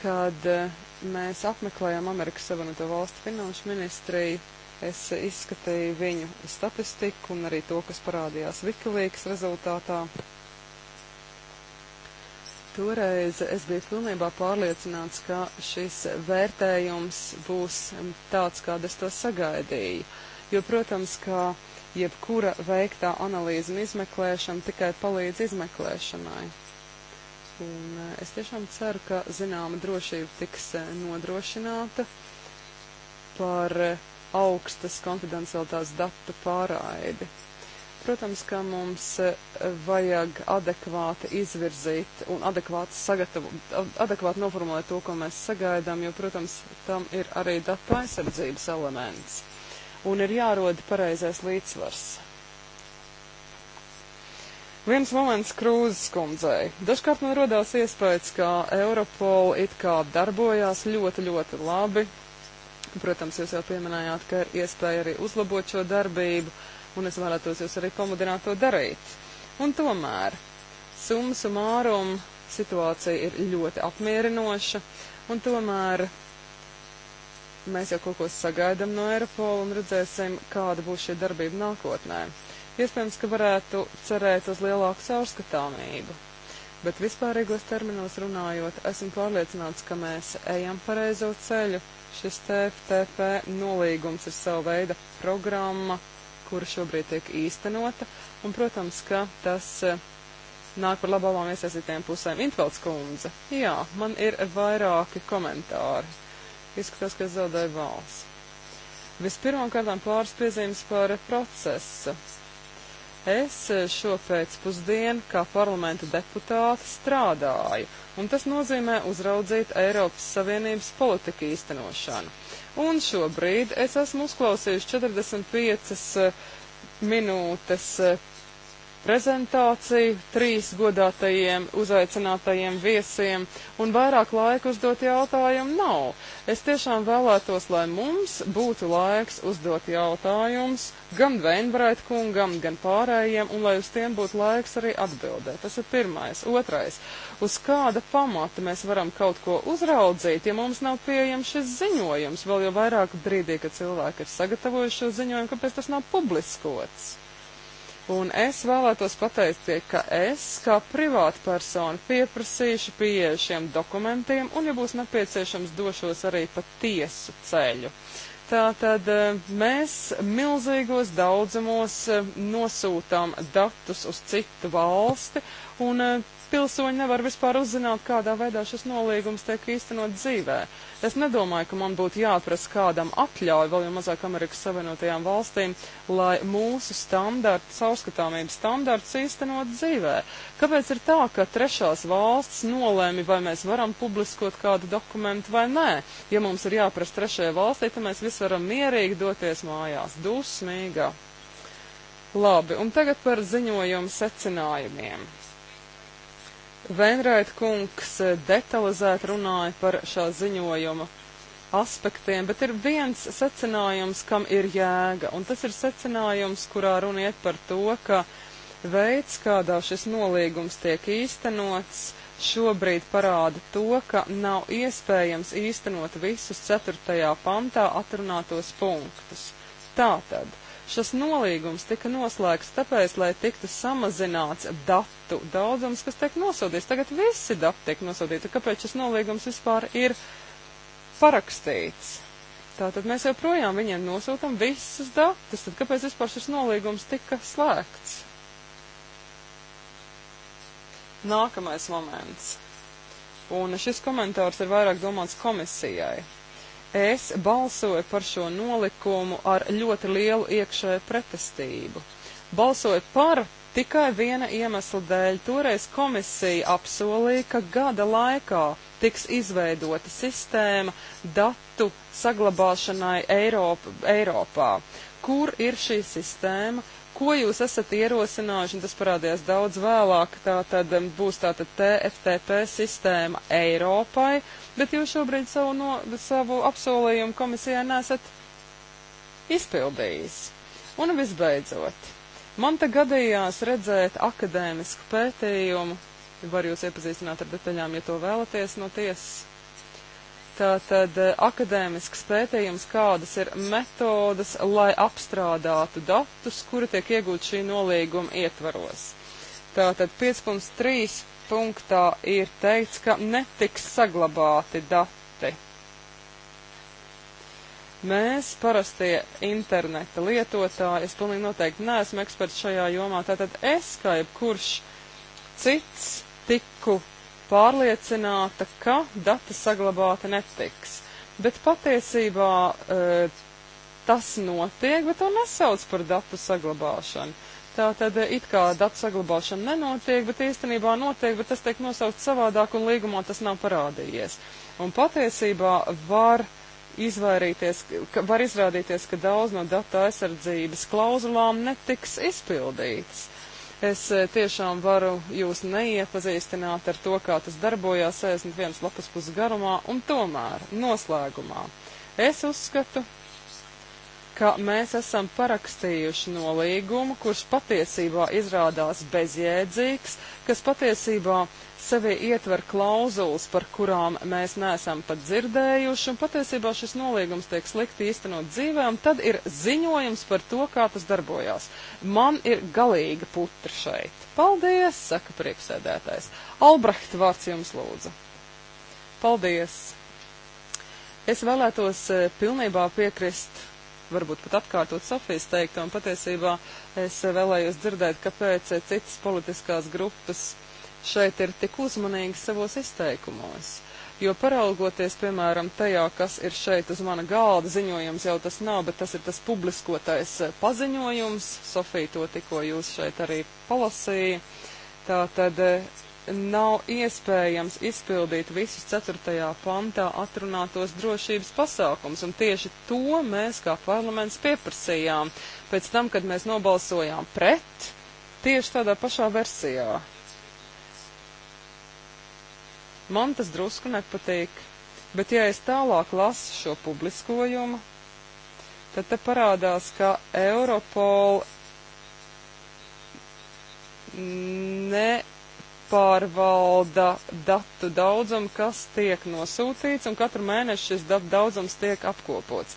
kad eh, mēs apmeklējām Amerikas Savienoto Valstu finanšu ministriju, Es izskatīju viņu statistiku un arī to, kas parādījās Wikileaks rezultātā. Toreiz es biju pilnībā pārliecināts, ka šis vērtējums būs tāds, kāda es to sagaidīju. Jo, protams, ka jebkura veiktā analīze un izmeklēšana tikai palīdz izmeklēšanai. Un eh, es tiešām ceru, ka zināma drošība tiks eh, nodrošināta par eh, augstas konfidencialitātes datu pārraidi. Protams, ka mums e, vajag adekvāti izvirzīt un adekvāti, sagatavo, adekvāti noformulēt to, ko mēs sagaidām, jo, protams, tam ir arī datu aizsardzības elements. Un ir jāroda pareizais līdzsvars. Viens moments krūzes kundzei. Dažkārt man rodās iespējas, ka Europol it kā darbojās ļoti, ļoti labi, Protams, jūs jau pieminējāt, ka ir iespēja arī uzlabot šo darbību, un es vēlētos jūs arī pamudināt to darīt. Un tomēr, summa summarum, situācija ir ļoti apmierinoša, un tomēr mēs jau kaut ko sagaidām no Eiropola un redzēsim, kāda būs šī darbība nākotnē. Iespējams, ka varētu cerēt uz lielāku caurskatāmību bet vispārīgos terminos runājot, esmu pārliecināts, ka mēs ejam pareizo ceļu, Šis TFTP nolīgums ir sava veida programma, kura šobrīd tiek īstenota, un, protams, ka tas e, nāk par labām iesaistītiem pusēm. Intvelds kundze, jā, man ir vairāki komentāri. Izskatās, ka es zaudēju valsts. Vispirmām kārtām pāris piezīmes par procesu. Es eh, šo pēcpusdienu kā parlamenta deputāte strādāju, un tas nozīmē uzraudzīt Eiropas Savienības politiku īstenošanu. Un šobrīd es esmu uzklausījuši 45 eh, minūtes eh, prezentāciju trīs godātajiem uzaicinātajiem viesiem, un vairāk laika uzdot jautājumu nav. Es tiešām vēlētos, lai mums būtu laiks uzdot jautājumus gan Veinbrait kungam, gan pārējiem, un lai uz tiem būtu laiks arī atbildēt. Tas ir pirmais. Otrais. Uz kāda pamata mēs varam kaut ko uzraudzīt, ja mums nav pieejams šis ziņojums, vēl jau vairāk brīdī, kad cilvēki ir sagatavojuši šo ziņojumu, kāpēc tas nav publiskots? Un es vēlētos pateikt, ka es, kā privātpersona, pieprasīšu pieeju šiem dokumentiem, un, ja būs nepieciešams, došos arī pa tiesu ceļu. Tātad eh, mēs milzīgos daudzumos eh, nosūtām datus uz citu valsti, un eh, pilsoņi nevar vispār uzzināt, kādā veidā šis nolīgums tiek īstenot dzīvē. Es nedomāju, ka man būtu jāprasa kādam atļauju, vēl jau mazāk Amerikas Savienotajām valstīm, lai mūsu standarts, sauskatāmības standarts īstenot dzīvē. Kāpēc ir tā, ka trešās valsts nolēmi, vai mēs varam publiskot kādu dokumentu vai nē? Ja mums ir jāprasa trešajai valstī, tad mēs visi varam mierīgi doties mājās, dusmīgā. Labi, un tagad par ziņojumu secinājumiem. Venrēt kungs eh, detalizēt runāja par šā ziņojuma aspektiem, bet ir viens secinājums, kam ir jēga, un tas ir secinājums, kurā runa iet par to, ka veids, kādā šis nolīgums tiek īstenots, šobrīd parāda to, ka nav iespējams īstenot visus 4. pantā atrunātos punktus. Tātad Šis nolīgums tika noslēgts tāpēc, lai tiktu samazināts datu daudzums, kas tiek nosodīts. Tagad visi dati tiek nosodīti. Kāpēc šis nolīgums vispār ir parakstīts? Tātad mēs joprojām viņiem nosūtam visus datus. Tad kāpēc vispār šis nolīgums tika slēgts? Nākamais moments. Un šis komentārs ir vairāk domāts komisijai es balsoju par šo nolikumu ar ļoti lielu iekšēju pretestību. Balsoju par tikai viena iemesla dēļ. Toreiz komisija apsolīja, ka gada laikā tiks izveidota sistēma datu saglabāšanai Eiropa, Eiropā. Kur ir šī sistēma? Ko jūs esat ierosinājuši, un tas parādījās daudz vēlāk, tā tad um, būs tātad TFTP sistēma Eiropai, uh, bet jūs šobrīd savu, no, savu apsolījumu komisijai nesat izpildījis. Un visbeidzot, man te gadījās redzēt akadēmisku pētījumu, var jūs iepazīstināt ar detaļām, ja to vēlaties no tiesas. Tātad eh, akadēmisks pētījums, kādas ir metodas, lai apstrādātu datus, kuri tiek iegūti šī nolīguma ietvaros. Tātad 5.3 punktā ir teikts, ka netiks saglabāti dati. Mēs, parastie interneta lietotāji, es pilnīgi noteikti neesmu eksperts šajā jomā, tātad es, kā jebkurš cits, tiku pārliecināta, ka dati saglabāti netiks. Bet patiesībā e, tas notiek, bet to nesauc par datu saglabāšanu. Tā tad eh, it kā datu saglabāšana nenotiek, bet īstenībā notiek, bet tas tiek nosaukts savādāk un līgumā tas nav parādījies. Un patiesībā var izvairīties, ka var izrādīties, ka daudz no data aizsardzības klauzulām netiks izpildītas. Es eh, tiešām varu jūs neiepazīstināt ar to, kā tas darbojās 61 lapas puses garumā un tomēr noslēgumā. Es uzskatu, ka mēs esam parakstījuši nolīgumu, kurš patiesībā izrādās bezjēdzīgs, kas patiesībā sevi ietver klauzulas, par kurām mēs neesam pat dzirdējuši, un patiesībā šis nolīgums tiek slikti īstenot dzīvē, un tad ir ziņojums par to, kā tas darbojās. Man ir galīga putra šeit. Paldies, saka priekšsēdētājs. Albrecht, vārds jums lūdzu. Paldies! Es vēlētos eh, pilnībā piekrist varbūt pat atkārtot Sofijas teikto, un patiesībā es vēlējos dzirdēt, kāpēc citas politiskās grupas šeit ir tik uzmanīgi savos izteikumos. Jo paraugoties, piemēram, tajā, kas ir šeit uz mana galda, ziņojums jau tas nav, bet tas ir tas publiskotais eh, paziņojums. Sofija to tikko jūs šeit arī palasīja. Tā tad eh, nav iespējams izpildīt visus 4. pantā atrunātos drošības pasākums, un tieši to mēs kā parlaments pieprasījām pēc tam, kad mēs nobalsojām pret tieši tādā pašā versijā. Man tas drusku nepatīk, bet ja es tālāk lasu šo publiskojumu, tad te parādās, ka Europol ne jāpārvalda datu daudzums, kas tiek nosūtīts, un katru mēnesi šis datu daudzums tiek apkopots.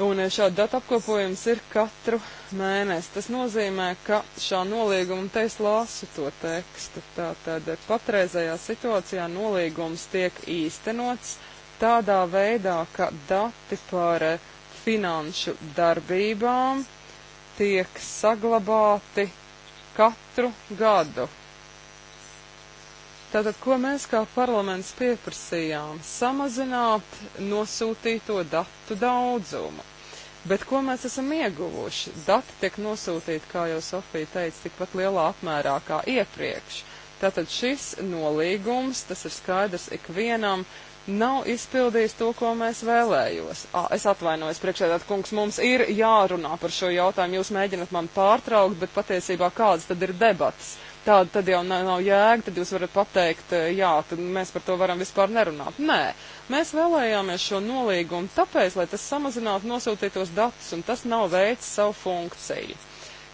Un eh, šāda datu apkopojums ir katru mēnesi. Tas nozīmē, ka šā nolīguma, te es lasu to tekstu, tātad patreizajā situācijā nolīgums tiek īstenots tādā veidā, ka dati par eh, finanšu darbībām tiek saglabāti katru gadu. Tātad, ko mēs kā parlaments pieprasījām? Samazināt nosūtīto datu daudzumu. Bet ko mēs esam ieguvuši? Dati tiek nosūtīti, kā jau Sofija teica, tikpat lielā apmērā kā iepriekš. Tātad šis nolīgums, tas ir skaidrs ikvienam, nav izpildījis to, ko mēs vēlējos. À, es atvainojos, priekšēdāt kungs, mums ir jārunā par šo jautājumu. Jūs mēģināt man pārtraukt, bet patiesībā kādas tad ir debatas? tāda tad jau nav, nav jēga, tad jūs varat pateikt, eh, jā, tad mēs par to varam vispār nerunāt. Nē, mēs vēlējāmies šo nolīgumu tāpēc, lai tas samazinātu nosūtītos datus, un tas nav veids savu funkciju.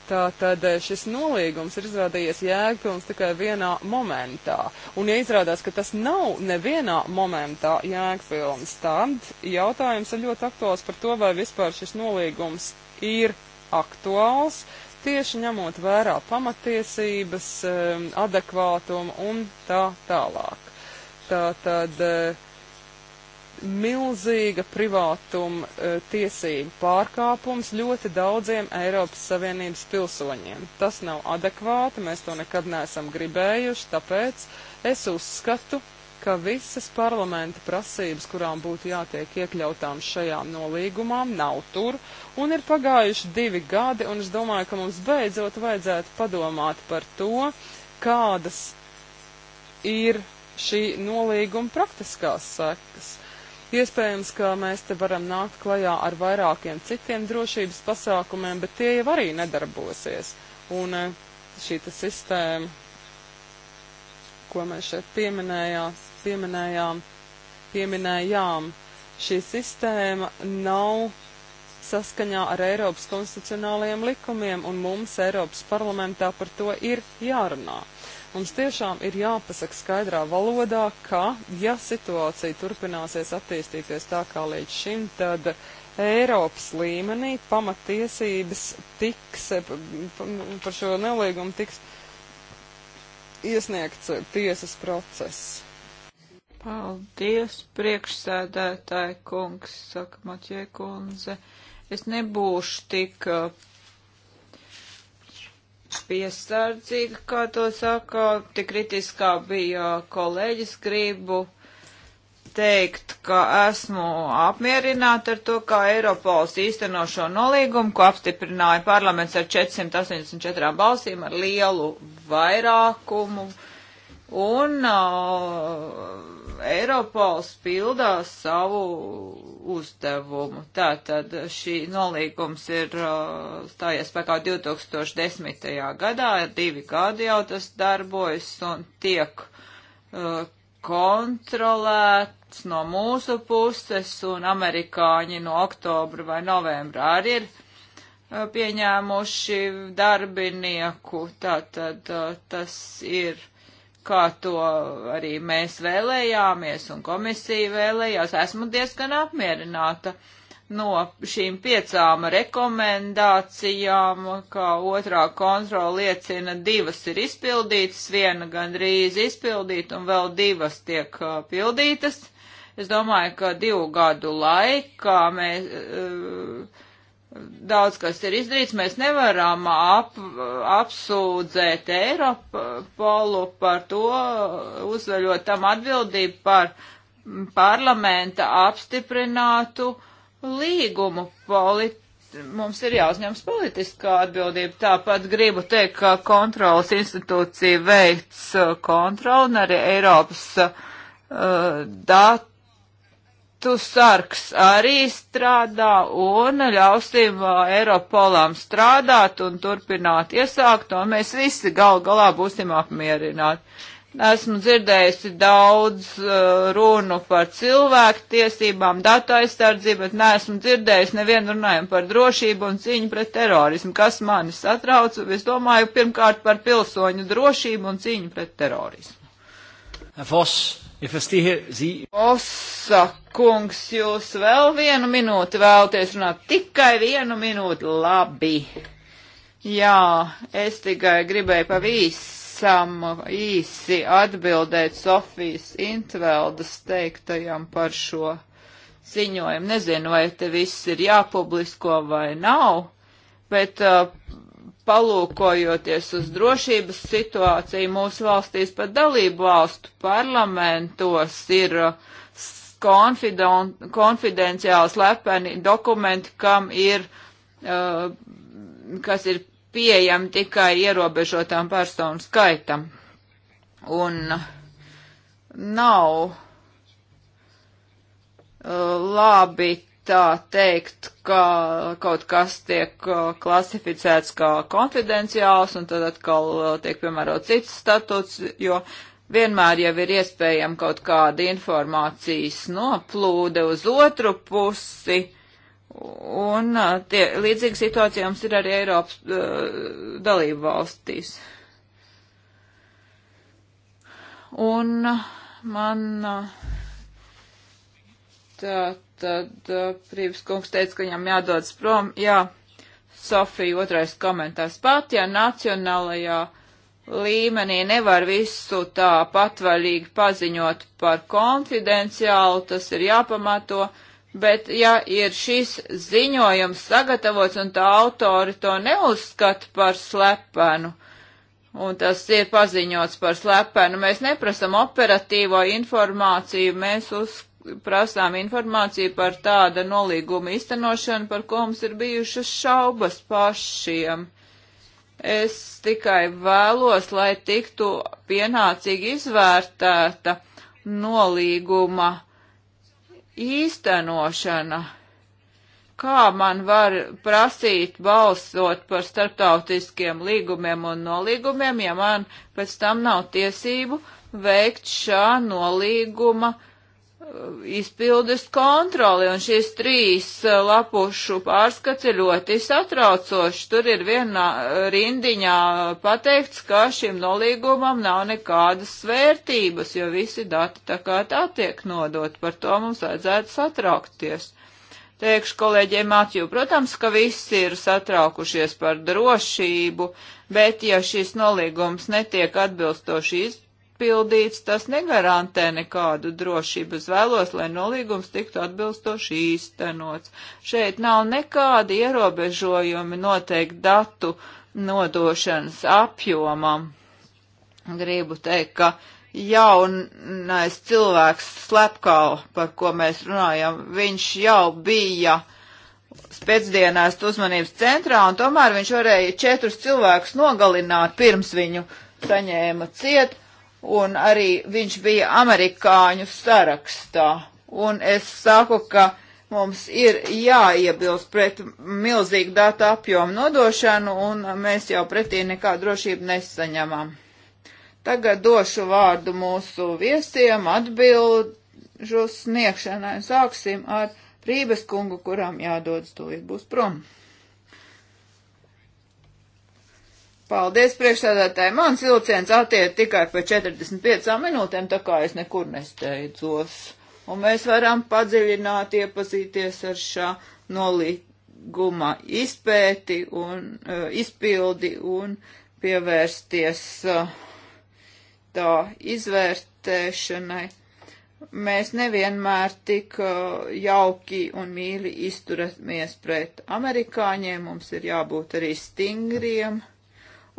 Tātad eh, šis nolīgums ir izrādījies jēgpilns tikai vienā momentā. Un, ja izrādās, ka tas nav nevienā momentā jēgpilns, tad jautājums ir ļoti aktuāls par to, vai vispār šis nolīgums ir aktuāls, uh, tieši ņemot vērā pamatiesības, adekvātumu un tā tālāk. Tā tad milzīga privātuma tiesība pārkāpums ļoti daudziem Eiropas Savienības pilsoņiem. Tas nav adekvāti, mēs to nekad neesam gribējuši, tāpēc es uzskatu, ka visas parlamenta prasības, kurām būtu jātiek iekļautām šajā nolīgumā, nav tur, un ir pagājuši divi gadi, un es domāju, ka mums beidzot vajadzētu padomāt par to, kādas ir šī nolīguma praktiskās sekas. Iespējams, ka mēs te varam nākt klajā ar vairākiem citiem drošības pasākumiem, bet tie jau arī nedarbosies. Un eh, šī sistēma, ko mēs šeit pieminējām, pieminējām, pieminējām, šī sistēma nav saskaņā ar Eiropas konstitucionālajiem likumiem, un mums Eiropas parlamentā par to ir jārunā. Mums tiešām ir jāpasaka skaidrā valodā, ka, ja situācija turpināsies attīstīties tā kā līdz šim, tad Eiropas līmenī pamatiesības tiks, par šo nelīgumu tiks iesniegts tiesas process. Paldies, priekšsēdētāji kungs, saka Maķie kundze. Es nebūšu tik uh, piesardzīga, kā to saka, tik kritiskā bija kolēģis. Gribu teikt, ka esmu apmierināta ar to, kā Eiropols īsteno šo nolīgumu, ko apstiprināja parlaments ar 484 balsīm ar lielu vairākumu. Un uh, Eiropols pildā savu uzdevumu. Tātad šī nolīgums ir uh, stājies spēkā 2010. gadā, ir divi gadi jau tas darbojas un tiek uh, kontrolēts no mūsu puses, un amerikāņi no oktobra vai novembra arī ir uh, pieņēmuši darbinieku. Tātad uh, tas ir kā to arī mēs vēlējāmies un komisija vēlējās. Esmu diezgan apmierināta no šīm piecām rekomendācijām, kā otrā kontrola liecina, divas ir izpildītas, viena gandrīz izpildīta un vēl divas tiek uh, pildītas. Es domāju, ka divu gadu laikā mēs. Uh, daudz kas ir izdarīts. Mēs nevaram ap, apsūdzēt Eiropolu par to, uzveļot tam atbildību par parlamenta apstiprinātu līgumu. Polit, mums ir jāuzņems politiskā atbildība. Tāpat gribu teikt, ka kontrolas institūcija veids uh, kontroli un arī Eiropas uh, datu Tu sargs arī strādā un ļausim uh, Eiropolām strādāt un turpināt iesākt, un mēs visi gal galā būsim apmierināti. Esmu dzirdējusi daudz uh, runu par cilvēku tiesībām, datu aizsardzību, bet neesmu dzirdējusi nevienu runājumu par drošību un cīņu pret terorismu. Kas mani satrauc? Es domāju pirmkārt par pilsoņu drošību un cīņu pret terorismu. Fos. Osa kungs, jūs vēl vienu minūti vēlaties runāt, tikai vienu minūti, labi. Jā, es tikai gribēju pavisam īsi atbildēt Sofijas Intveldas teiktajam par šo ziņojumu. Nezinu, vai te viss ir jāpublisko vai nav, bet uh, palūkojoties uz drošības situāciju mūsu valstīs, pat dalību valstu parlamentos ir uh, konfidenciāli slepeni dokumenti, kam ir, uh, kas ir pieejami tikai ierobežotām personu skaitam. Un uh, nav uh, labi tā teikt, ka kaut kas tiek uh, klasificēts kā konfidenciāls un tad atkal uh, tiek piemērot cits statuts, jo vienmēr jau ir iespējama kaut kāda informācijas noplūde uz otru pusi. Un uh, tie, līdzīga situācija mums ir arī Eiropas uh, dalību valstīs. Un man uh, Tā tad uh, Prības kungs teica, ka viņam jādodas prom. Jā, Sofija otrais komentārs. Pat ja nacionālajā līmenī nevar visu tā patvaļīgi paziņot par konfidenciālu, tas ir jāpamato, bet ja ir šis ziņojums sagatavots un tā autori to neuzskata par slepenu, un tas ir paziņots par slepenu. Mēs neprasam operatīvo informāciju, mēs uz, prasām informāciju par tāda nolīguma iztenošanu, par ko mums ir bijušas šaubas pašiem. Es tikai vēlos, lai tiktu pienācīgi izvērtēta nolīguma īstenošana. Kā man var prasīt balsot par starptautiskiem līgumiem un nolīgumiem, ja man pēc tam nav tiesību veikt šā nolīguma uh, izpildes kontroli, un šīs trīs uh, lapušu pārskats ir ļoti satraucoši. Tur ir vienā uh, rindiņā pateikts, ka šim nolīgumam nav nekādas vērtības, jo visi dati tā kā tā tiek nodot. Par to mums vajadzētu satraukties. Teikšu kolēģiem Matju, protams, ka visi ir satraukušies par drošību, bet ja šis nolīgums netiek atbilstoši iz izpildīts, tas negarantē nekādu drošību. Es vēlos, lai nolīgums tiktu atbilstoši īstenots. Šeit nav nekādi ierobežojumi noteikti datu nodošanas apjomam. Gribu teikt, ka jaunais cilvēks slepkal, par ko mēs runājam, viņš jau bija spēcdienās uzmanības centrā, un tomēr viņš varēja četrus cilvēkus nogalināt pirms viņu saņēma ciet, un arī viņš bija amerikāņu sarakstā. Un es saku, ka mums ir jāiebilst pret milzīgu datu apjomu nodošanu, un mēs jau pretī nekā drošību nesaņemam. Tagad došu vārdu mūsu viesiem atbildžu sniegšanai. Sāksim ar Rības kungu, kuram jādodas tūlīt būs prom. Paldies priekšsēdētāji. Mans vilciens attiet tikai pa 45 minūtēm, tā kā es nekur nesteidzos. Un mēs varam padziļināt, iepazīties ar šā nolīguma izpēti un uh, izpildi un pievērsties uh, tā izvērtēšanai. Mēs nevienmēr tik uh, jauki un mīļi izturamies pret amerikāņiem, mums ir jābūt arī stingriem. Mm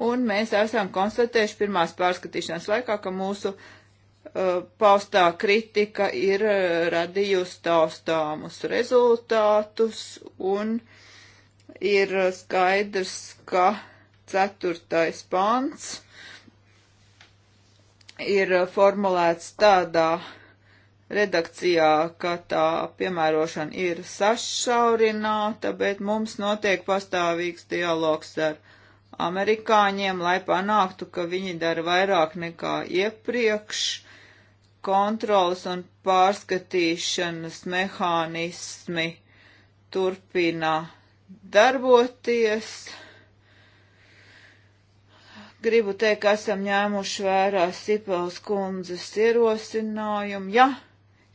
un mēs esam konstatējuši pirmās pārskatīšanas laikā, ka mūsu uh, paustā kritika ir uh, radījusi taustāmus rezultātus, un ir skaidrs, ka ceturtais pants ir formulēts tādā redakcijā, ka tā piemērošana ir sašaurināta, bet mums notiek pastāvīgs dialogs ar amerikāņiem, lai panāktu, ka viņi dara vairāk nekā iepriekš kontrolas un pārskatīšanas mehānismi turpina darboties. Gribu teikt, ka esam ņēmuši vērā Sipels kundzes ierosinājumu. Ja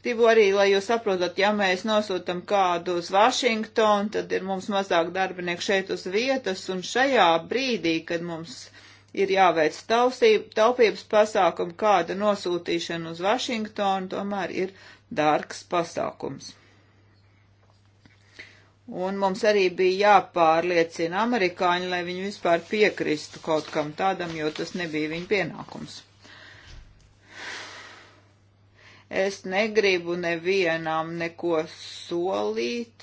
Gribu arī, lai jūs saprotat, ja mēs nosūtam kādu uz Vašingtonu, tad ir mums mazāk darbinieku šeit uz vietas, un šajā brīdī, kad mums ir jāveic tausība, taupības pasākumu, kāda nosūtīšana uz Vašingtonu tomēr ir dārgs pasākums. Un mums arī bija jāpārliecina amerikāņi, lai viņi vispār piekristu kaut kam tādam, jo tas nebija viņa pienākums. Es negribu nevienam neko solīt,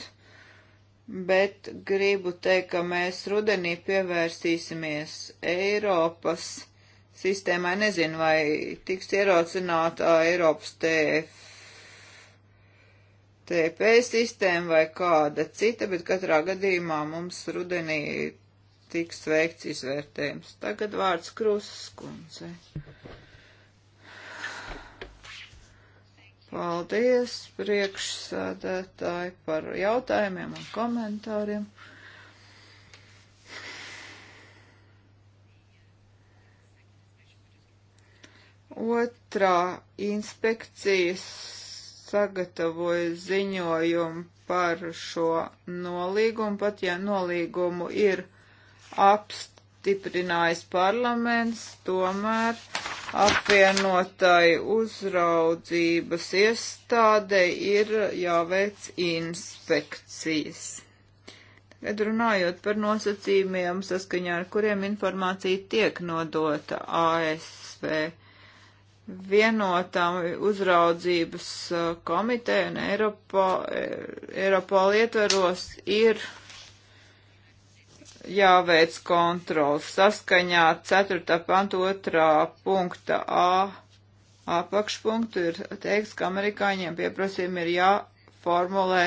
bet gribu teikt, ka mēs rudenī pievērsīsimies Eiropas sistēmai. Nezinu, vai tiks ierocināta Eiropas TF TP sistēma vai kāda cita, bet katrā gadījumā mums rudenī tiks veikts izvērtējums. Tagad vārds Krusas kundzei. Paldies priekšsādētāji par jautājumiem un komentāriem. Otrā inspekcijas sagatavoja ziņojumu par šo nolīgumu, pat ja nolīgumu ir apstiprinājis parlaments, tomēr apvienotai uzraudzības iestādē ir jāveic inspekcijas. Tagad runājot par nosacījumiem, saskaņā ar kuriem informācija tiek nodota ASV vienotām uzraudzības uh, komiteja un Eiropā, Eiropā ietveros ir jāveic kontrols saskaņā 4. pantu 2. punkta A. Apakšpunktu ir teikts, ka amerikāņiem pieprasījumi ir jāformulē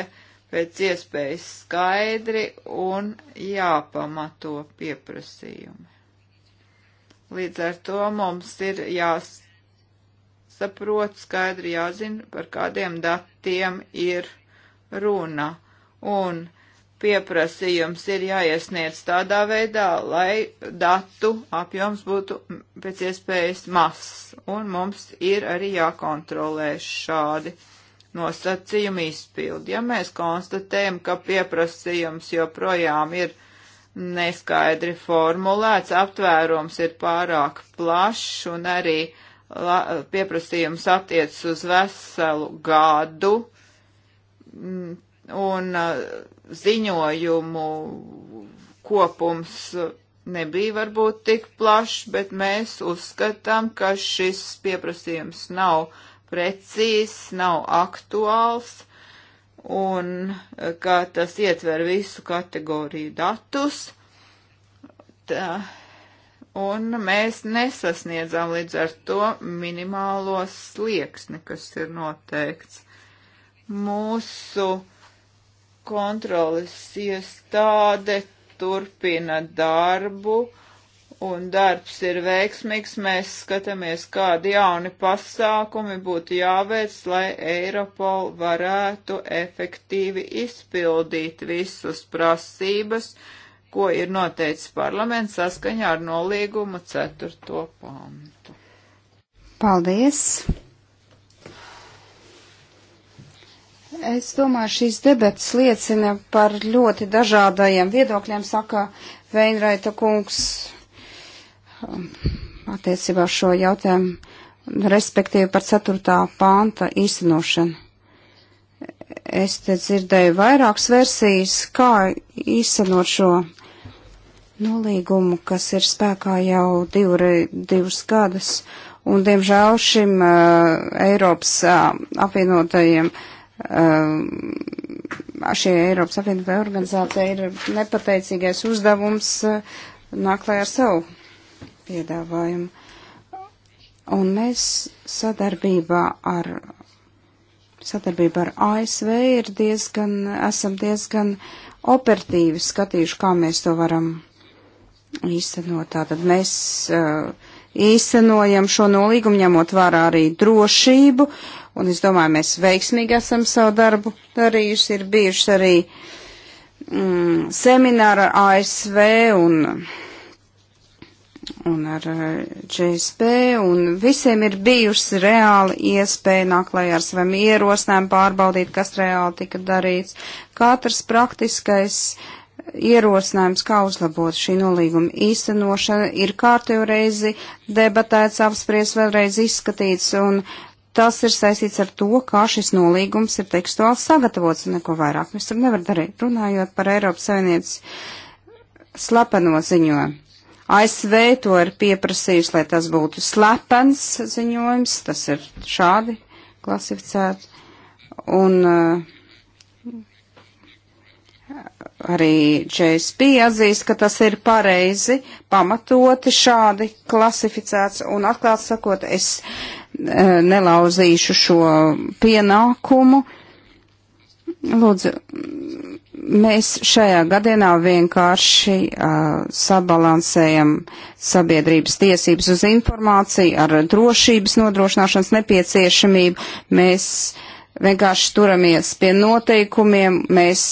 pēc iespējas skaidri un jāpamato pieprasījumi. Līdz ar to mums ir jāsaprot skaidri jāzina, par kādiem datiem ir runa. Un pieprasījums ir jāiesniedz tādā veidā, lai datu apjoms būtu pēc iespējas mazs, un mums ir arī jākontrolē šādi nosacījumi izpildi. Ja mēs konstatējam, ka pieprasījums joprojām ir neskaidri formulēts, aptvērums ir pārāk plašs un arī la, pieprasījums attiec uz veselu gadu, un uh, ziņojumu kopums nebija varbūt tik plašs, bet mēs uzskatām, ka šis pieprasījums nav precīzs, nav aktuāls un uh, ka tas ietver visu kategoriju datus. Tā, un mēs nesasniedzām līdz ar to minimālo slieksni, kas ir noteikts. Mūsu kontrolas iestāde turpina darbu un darbs ir veiksmīgs. Mēs skatāmies, kādi jauni pasākumi būtu jāveic, lai Eiropol varētu efektīvi izpildīt visus prasības, ko ir noteicis parlaments saskaņā ar nolīgumu 4. pantu. Paldies! Es domāju, šīs debats liecina par ļoti dažādajiem viedokļiem, saka Veinraita kungs um, attiecībā šo jautājumu, respektīvi par 4. pānta īstenošanu. Es te dzirdēju vairākas versijas, kā īstenot šo nolīgumu, kas ir spēkā jau divre, divus gadus, un diemžēl šim uh, Eiropas uh, apvienotajiem uh, Um, šī Eiropas Savienībai organizācija ir nepateicīgais uzdevums uh, nāklē ar savu piedāvājumu. Un mēs sadarbībā ar, sadarbībā ar ASV ir diezgan, esam diezgan operatīvi skatījuši, kā mēs to varam īstenot. Tātad mēs uh, īstenojam šo nolīgumu, ņemot vērā arī drošību. Uh, un es domāju, mēs veiksmīgi esam savu darbu darījuši. Ir bijušas arī mm, semināra ar ASV un, un ar e, GSP, un visiem ir bijusi reāli iespēja naklēj ar saviem ierosinājumiem pārbaudīt, kas reāli tika darīts. Katrs praktiskais ierosinājums, kā uzlabot šī nolīguma īstenošana, ir kārtējo reizi debatēts, apspriests, vēlreiz izskatīts, un tas ir saistīts ar to, kā šis nolīgums ir tekstuāli sagatavots un neko vairāk. Mēs tam nevar darīt, runājot par Eiropas Savienības slepeno ziņojumu. ASV to ir pieprasījis, lai tas būtu slepens ziņojums, tas ir šādi klasificēts. Un uh, arī JSP atzīst, ka tas ir pareizi, pamatoti šādi klasificēts. Un atklāt sakot, es uh, Eh, nelauzīšu šo pienākumu. Lūdzu, mēs šajā gadienā vienkārši uh, sabalansējam sabiedrības tiesības uz informāciju ar drošības nodrošināšanas nepieciešamību. Mēs vienkārši turamies pie noteikumiem, mēs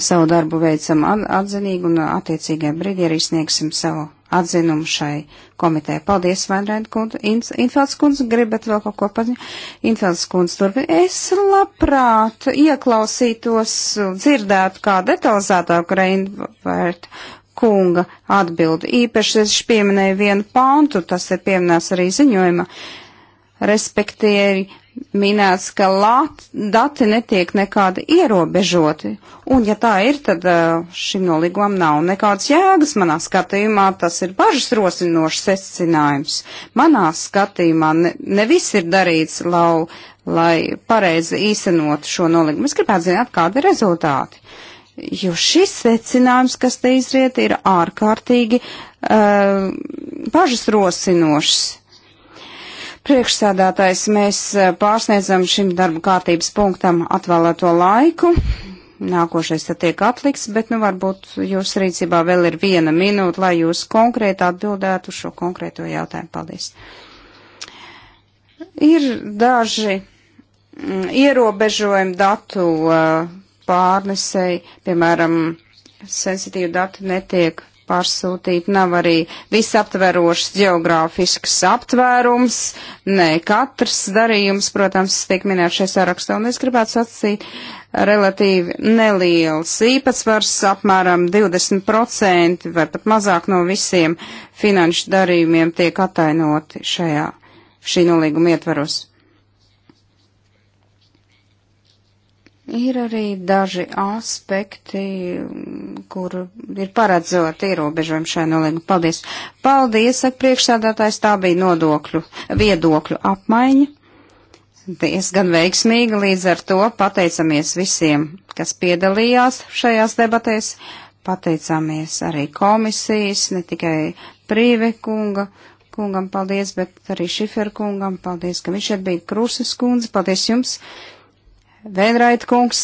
savu darbu veicam atzinīgi un attiecīgai brīdī arī sniegsim savu atzinumu šai komitē. Paldies, Vainrēna kundze. Infelds kundze, gribat vēl kaut ko paziņot? Infelds kundze turpina. Es labprāt ieklausītos, dzirdētu kā detalizētāk Reinvērt kunga atbildi. Īpaši es pieminēju vienu pantu, tas ir pieminēts arī ziņojuma. Respektīvi, minēts, ka lāt, dati netiek nekādi ierobežoti, un ja tā ir, tad šim nolīgumam nav nekādas jēgas. Manā skatījumā tas ir bažas rosinošs secinājums. Manā skatījumā ne, ne viss ir darīts, lau, lai pareizi īstenot šo nolīgumu. Es gribētu zināt, kādi ir rezultāti. Jo šis secinājums, kas te izriet, ir ārkārtīgi uh, bažas rosinošs Priekšsēdētājs, mēs eh, pārsniedzam šim darba kārtības punktam atvēlēto laiku. Nākošais tad tiek atliks, bet nu varbūt jūsu rīcībā vēl ir viena minūte, lai jūs konkrēti atbildētu šo konkrēto jautājumu. Paldies. Ir daži mm, ierobežojumi datu eh, pārnesēji, piemēram, sensitīvu datu netiek pārsūtīt. Nav arī visaptverošs geogrāfisks aptvērums, ne katrs darījums, protams, tiek minēts šajā sarakstā, un es gribētu sacīt, relatīvi neliels īpatsvars, apmēram 20% vai pat mazāk no visiem finanšu darījumiem tiek atainoti šajā šī nolīguma ietvaros. Ir arī daži aspekti, kur ir paredzot ierobežojumu šai nolīgumu. Paldies. Paldies, saka priekšsādātājs, tā bija nodokļu, viedokļu apmaiņa. Diezgan veiksmīga līdz ar to pateicamies visiem, kas piedalījās šajās debatēs. Pateicamies arī komisijas, ne tikai Prīve kunga, kungam paldies, bet arī Šifer kungam paldies, ka viņš šeit bija Krūses kundze. Paldies jums! Veinraita kungs,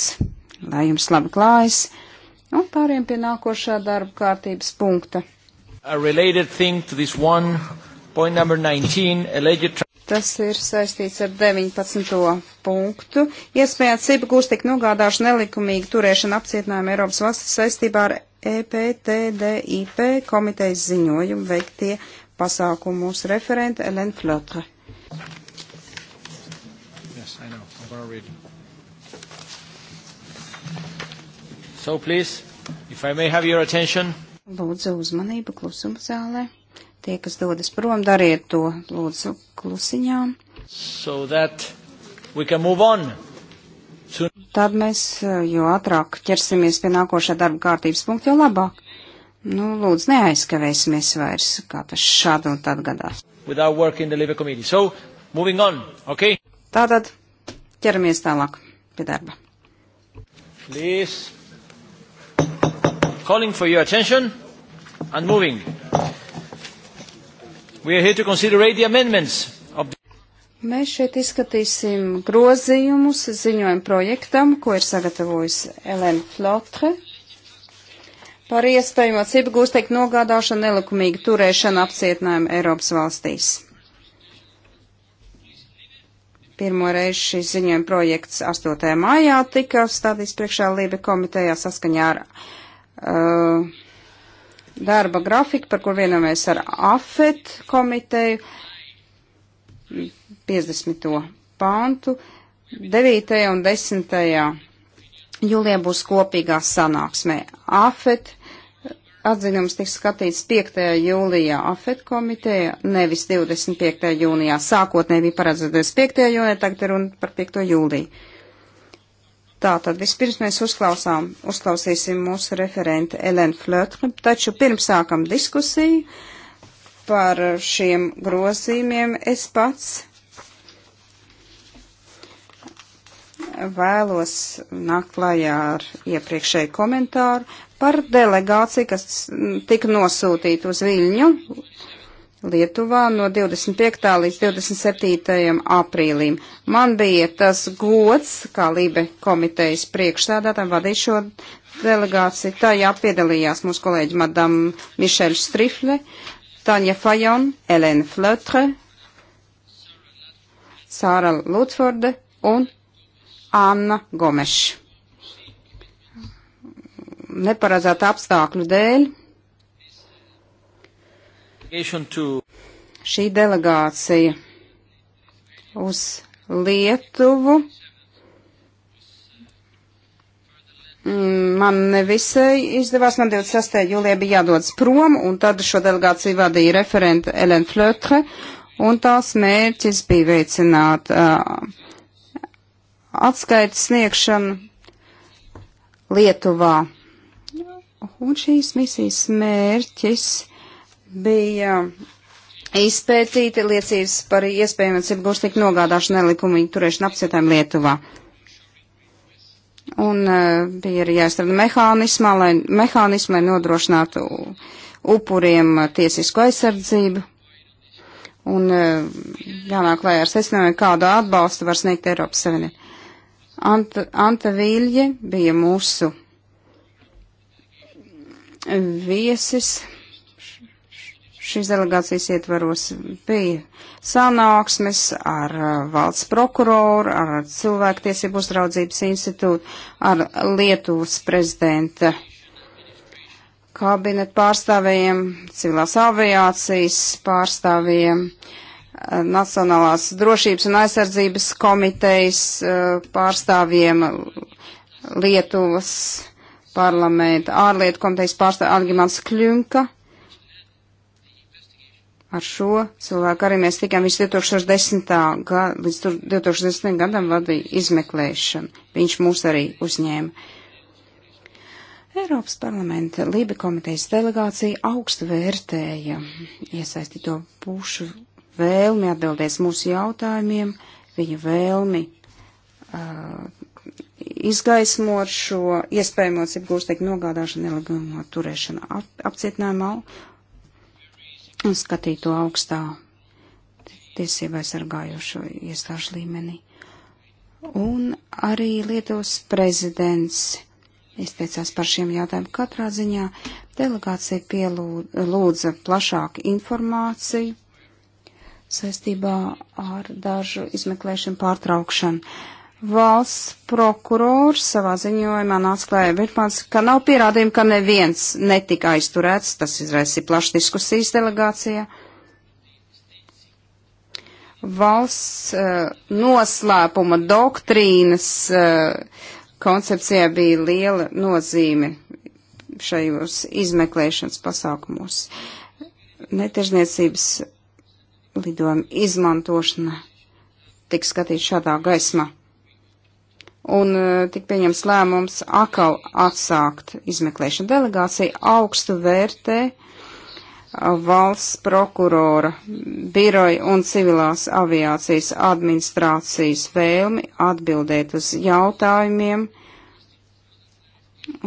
lai jums labi klājas, un pāriem pie nākošā darba kārtības punkta. One, 19, alleged... Tas ir saistīts ar 19. punktu. Iespējāt cipa gūstek nogādāšu nelikumīgi turēšanu apcietinājumu Eiropas valsts saistībā ar EPTDIP komitejas ziņojumu veiktie pasākumus referenta Elen Flotre. So, please, if I may have your attention. Lūdzu uzmanību klusuma zālē. Tie, kas dodas prom, dariet to, lūdzu, klusiņām. So that we can move on. Soon. Tad mēs, eh, jo ātrāk ķersimies pie nākošā darba kārtības punkta, jo labāk. Nu, lūdzu, neaizskavēsimies vairs, kā tas šādi un tad gadās. Without work in the Labour Committee. So, moving on, okay? Tātad, ķeramies tālāk pie darba. Please calling for your attention and moving. We are here to consider the amendments of the Mēs šeit izskatīsim grozījumus ziņojumu projektam, ko ir sagatavojis Elena Flotre par iespējamo cipu gūstekņu nogādāšanu, nelikumīgu turēšanu apcietinājumu Eiropas valstīs. Pirmo reizi šis ziņojuma projekts 8. mājā tika stādīts priekšā Lībe komitejā saskaņā ar Uh, darba grafiku, par kur vienojamies ar AFET komiteju, 50. pantu, 9. un 10. jūlijā būs kopīgā sanāksmē. AFET atzinums tiks skatīts 5. jūlijā AFET komiteja, nevis 25. jūnijā. Sākotnēji bija paredzētais 5. jūnijā, tagad ir runa par 5. jūliju. Tātad vispirms mēs uzklausām, uzklausīsim mūsu referenti Elenu Flötru, taču pirms sākam diskusiju par šiem grozījumiem es pats vēlos nākt klajā ar iepriekšēju komentāru par delegāciju, kas tika nosūtīta uz Viļņu Lietuvā no 25. līdz 27. aprīlim. Man bija tas gods, kā Lībe komitejas priekšstādātam, vadīt šo delegāciju. Tajā piedalījās mūsu kolēģi Madam Mišeļa Strifle, Tanja Fajon, Elena Flotre, Sāra Lutforde un Anna Gomeša. Neparedzēta apstākļu dēļ Šī delegācija uz Lietuvu mm, man nevisai izdevās, man 26. jūlijā bija jādodas prom, un tad šo delegāciju vadīja referenta Elen Flötre, un tās mērķis bija veicināt uh, atskaitas sniegšanu Lietuvā. Un šīs misijas mērķis bija izpētīti liecības par iespējamo cipgurstīgu nogādāšanu nelikumīgi turēšanu apcietēm Lietuvā. Un uh, bija arī jāizstrādā mehānismā, lai, mehānismā, lai nodrošinātu upuriem tiesisko aizsardzību. Un uh, jānāk lai ar secinājumiem, kādu atbalstu var sniegt Eiropas Savienība. Anta, Anta Vīļļe bija mūsu viesis šīs delegācijas ietvaros bija sanāksmes ar uh, valsts prokuroru, ar cilvēktiesību uzraudzības institūtu, ar Lietuvas prezidenta kabinetu pārstāvējiem, civilās aviācijas pārstāvējiem, uh, Nacionālās drošības un aizsardzības komitejas uh, pārstāvjiem Lietuvas parlamenta ārlietu komitejas pārstāvja Algimans Kļunka ar šo cilvēku arī mēs tikām viņš 2010. Gada, līdz 2010. gadam vadīja izmeklēšanu. Viņš mūs arī uzņēma. Eiropas parlamenta Lība komitejas delegācija augstu vērtēja iesaistīto pušu vēlmi atbildēs mūsu jautājumiem, viņu vēlmi uh, izgaismot šo iespējamo cipgūstekņu nogādāšanu, nelegāmo turēšanu ap, apcietinājumā un skatīt to augstā tiesībai sargājošo iestāžu līmenī. Un arī Lietuvas prezidents izteicās par šiem jautājumiem. Katrā ziņā delegācija pielūdza plašāku informāciju saistībā ar dažu izmeklēšanu pārtraukšanu. Valsts prokurors savā ziņojumā atklāja Birmāns, ka nav pierādījumu, ka neviens netika aizturēts, tas izraisīja plašas diskusijas delegācijā. Valsts uh, noslēpuma doktrīnas uh, koncepcijā bija liela nozīme šajos izmeklēšanas pasākumos. Netiežniecības lidojuma izmantošana tiks skatīt šādā gaismā un e, tik pieņems lēmums atkal atsākt izmeklēšanu. Delegācija augstu vērtē e, valsts prokurora, biroja un civilās aviācijas administrācijas vēlmi atbildēt uz jautājumiem,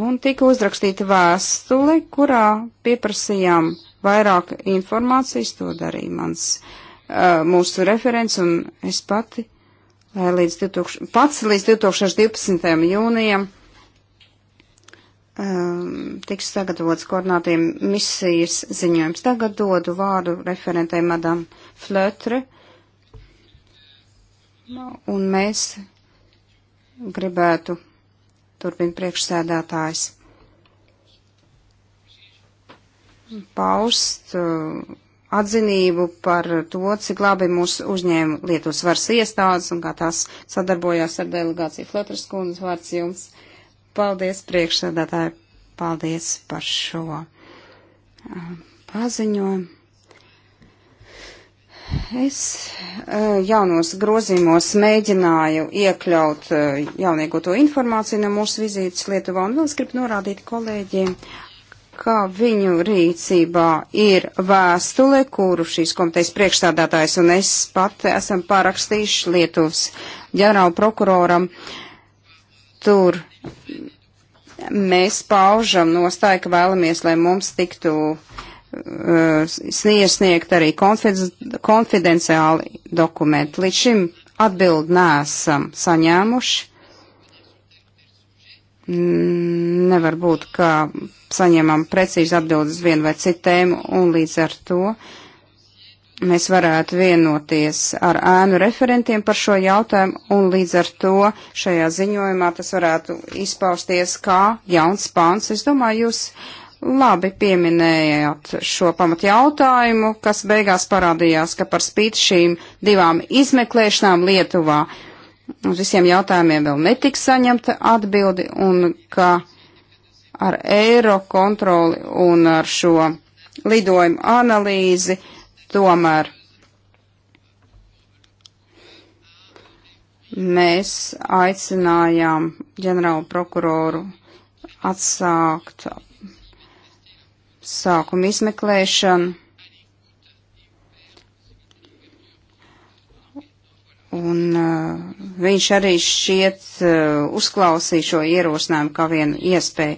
un tika uzrakstīta vēstule, kurā pieprasījām vairāk informācijas, to darīja mans, e, mūsu referents un es pati līdz 2000, pats līdz 2012. jūnijam um, tiks sagatavots koordinātiem misijas ziņojums. Tagad dodu vārdu referentei Madam Flötre, un mēs gribētu turpin priekšsēdētājs paust. Uh, atzinību par to, cik labi mūs uzņēma Lietuvas varas iestādes un kā tās sadarbojās ar delegāciju Flotras kundas vārds jums. Paldies priekšsēdētāji, paldies par šo uh, paziņojumu. Es uh, jaunos grozījumos mēģināju iekļaut uh, jaunieko to informāciju no mūsu vizītes Lietuvā un vēl es gribu norādīt kolēģiem ka viņu rīcībā ir vēstule, kuru šīs komitejas priekšstādātājs un es pat esam pārakstījuši Lietuvas ģenerāla prokuroram. Tur mēs paužam nostāju, ka vēlamies, lai mums tiktu uh, sniegt arī konfidenciāli dokumenti. Līdz šim atbildi nesam saņēmuši. Nevar būt, ka saņemam precīzi atbildes vienu vai citu tēmu, un līdz ar to mēs varētu vienoties ar ēnu referentiem par šo jautājumu, un līdz ar to šajā ziņojumā tas varētu izpausties kā jauns pāns. Es domāju, jūs labi pieminējāt šo pamat jautājumu, kas beigās parādījās, ka par spīti šīm divām izmeklēšanām Lietuvā uz visiem jautājumiem vēl netiks saņemta atbildi, un ka ar eiro kontroli un ar šo lidojumu analīzi, tomēr mēs aicinājām ģenerālu prokuroru atsākt sākumu izmeklēšanu Un uh, viņš arī šķiet uh, uzklausīja šo ierosinājumu kā vienu iespēju.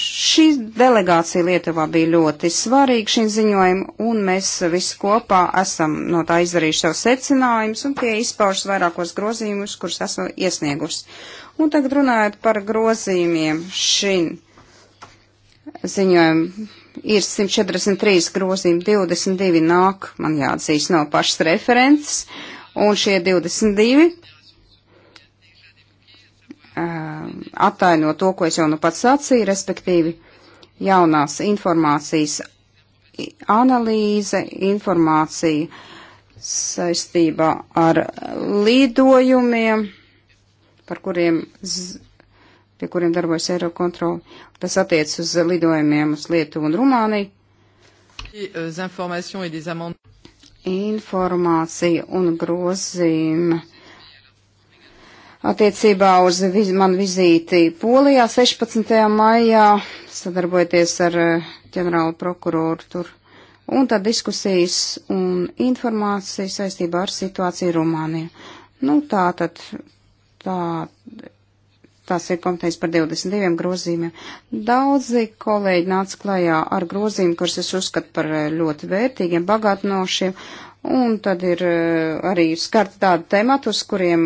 Šī delegācija Lietuvā bija ļoti svarīga šim ziņojumam, un mēs visi kopā esam no tā izdarījuši savu secinājumus, un tie izpaužas vairākos grozījumus, kurus esmu iesniegusi. Un tagad runājot par grozījumiem šim ziņojumam ir 143 grozījumi, 22 nāk, man jāatzīst, no pašas references, un šie 22 attaino to, ko es jau nu pats sacīju, respektīvi jaunās informācijas analīze, informācija saistībā ar lidojumiem, par kuriem, pie kuriem darbojas Eirokontrola. Tas attiec uz lidojumiem uz Lietuvu un Rumāniju informācija un grozījuma. Attiecībā uz viz, man vizīti Polijā 16. maijā, sadarbojoties ar eh, ģenerālu prokuroru tur, un tad diskusijas un informācija saistībā ar situāciju Rumānijā. Nu, tā tad tā tās ir komitejas par 22 grozīmiem. Daudzi kolēģi nāca klajā ar grozīm, kurus es uzskatu par eh, ļoti vērtīgiem, bagātinošiem, un tad ir eh, arī skarta tāda temata, uz kuriem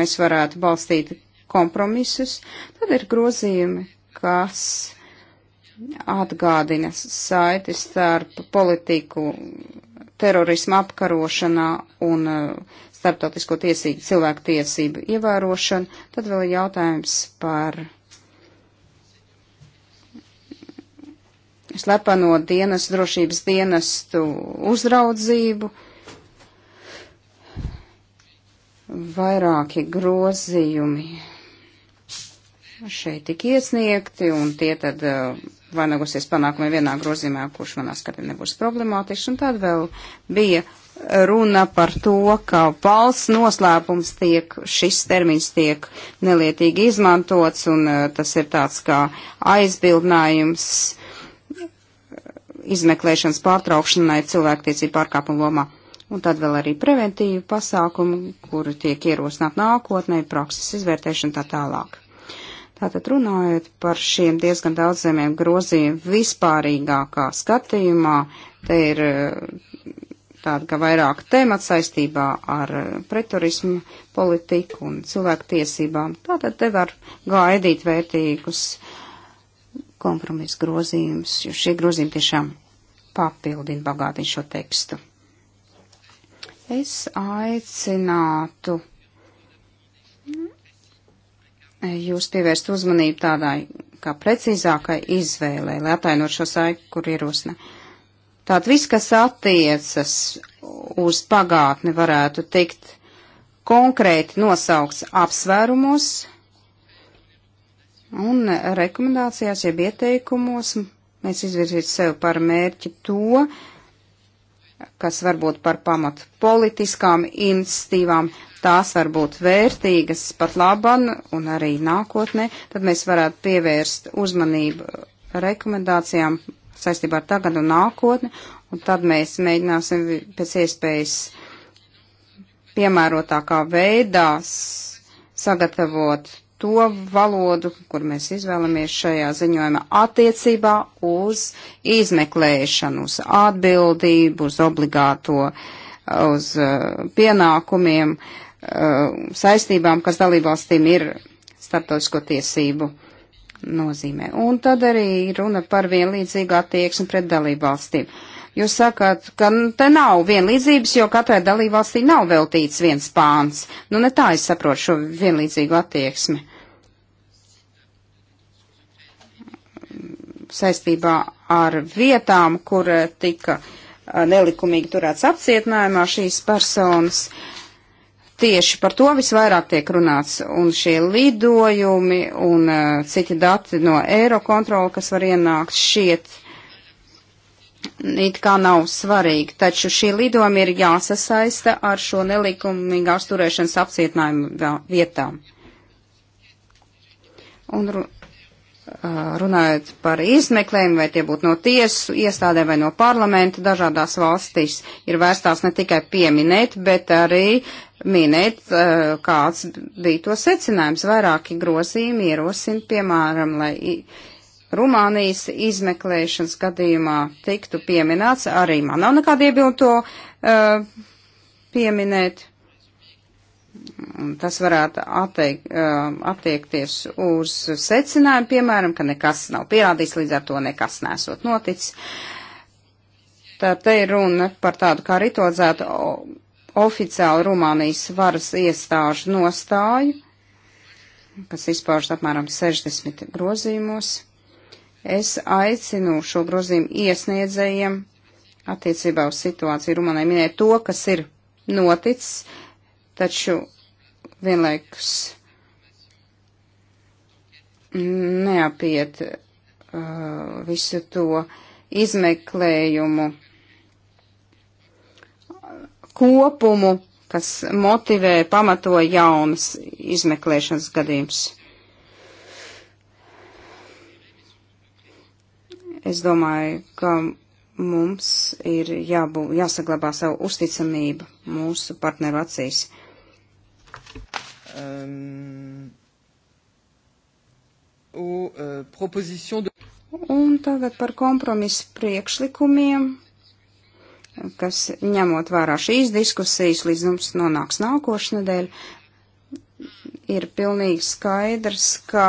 mēs varētu balstīt kompromisus. Tad ir grozījumi, kas atgādina saiti starp politiku terorismu apkarošanā un eh, starptautisko tiesību, cilvēku tiesību ievērošanu, tad vēl ir jautājums par slepeno dienas drošības dienestu uzraudzību. Vairāki grozījumi šeit tik iesniegti, un tie tad uh, vainagosies panākumi vienā grozījumā, kurš manā skatījumā nebūs problemātisks, un tad vēl bija runa par to, ka valsts noslēpums tiek, šis termins tiek nelietīgi izmantots, un eh, tas ir tāds kā aizbildinājums izmeklēšanas pārtraukšanai cilvēktiesību pārkāpumu lomā. Un tad vēl arī preventīvu pasākumu, kuru tiek ierosināt nākotnē, prakses izvērtēšana tā tālāk. Tātad runājot par šiem diezgan daudziem grozījumiem vispārīgākā skatījumā, te ir eh, tāda kā vairāk tēmat saistībā ar preturismu politiku un cilvēku tiesībām. Tātad te var gaidīt vērtīgus kompromisu grozījumus, jo šie grozījumi tiešām papildina bagātiņu šo tekstu. Es aicinātu jūs pievērst uzmanību tādai kā precīzākai izvēlē, lai atainot šo saiku, kur ierosina. Uh, Tātad viss, kas attiecas uz pagātni, varētu tikt konkrēti nosaukts apsvērumos un rekomendācijās, jeb ieteikumos. Mēs izvirzītu sev par mērķi to, kas varbūt par pamatu politiskām institīvām, tās var būt vērtīgas pat laban un arī nākotnē, tad mēs varētu pievērst uzmanību rekomendācijām saistībā ar tagad un nākotni, un tad mēs mēģināsim pēc iespējas piemērotākā veidā sagatavot to valodu, kur mēs izvēlamies šajā ziņojumā attiecībā uz izmeklēšanu, uz atbildību, uz obligāto, uz uh, pienākumiem, uh, saistībām, kas dalībvalstīm ir starptautisko tiesību nozīmē. Un tad arī runa par vienlīdzīgu attieksmi pret dalībvalstīm. Jūs sakāt, ka te nav vienlīdzības, jo katrai dalībvalstī nav veltīts viens pāns. Nu, ne tā es saprotu šo vienlīdzīgu attieksmi. Saistībā ar vietām, kur tika nelikumīgi turēts apcietinājumā šīs personas. Uh, tieši par to visvairāk tiek runāts, un šie lidojumi un uh, citi dati no Eirokontrola, kas var ienākt šiet, it kā nav svarīgi, taču šie lidojumi ir jāsasaista ar šo nelikumīgā sturēšanas apcietinājumu vietām. Un ru, uh, runājot par izmeklējumu, vai tie būtu no tiesu iestādē vai no parlamenta, dažādās valstīs ir vērstās ne tikai pieminēt, bet arī uh, minēt, eh, kāds bija to secinājums. Vairāki grozījumi ierosina, piemēram, lai Rumānijas izmeklēšanas gadījumā tiktu pieminēts, arī man nav nekāda iebildu to uh, pieminēt. Tas varētu atteik, uh, attiekties uz secinājumu, piemēram, ka nekas nav pierādīts, līdz ar to nekas nesot noticis. Tā te ir runa par tādu kā ritualizētu oficiāli Rumānijas varas iestāžu nostāju, kas izpaužas apmēram 60 grozījumos. Es aicinu šo grozījumu iesniedzējiem attiecībā uz situāciju Rumānijai minēt to, kas ir noticis, taču vienlaikus neapiet uh, visu to izmeklējumu kopumu, kas motivē, pamato jaunas izmeklēšanas gadījumus. Es domāju, ka mums ir jābū, jāsaglabā savu uzticamību mūsu partneru acīs. Um, u, uh, de... Un tagad par kompromisu priekšlikumiem kas ņemot vērā šīs diskusijas, līdz mums nonāks nākošu nedēļu, ir pilnīgi skaidrs, ka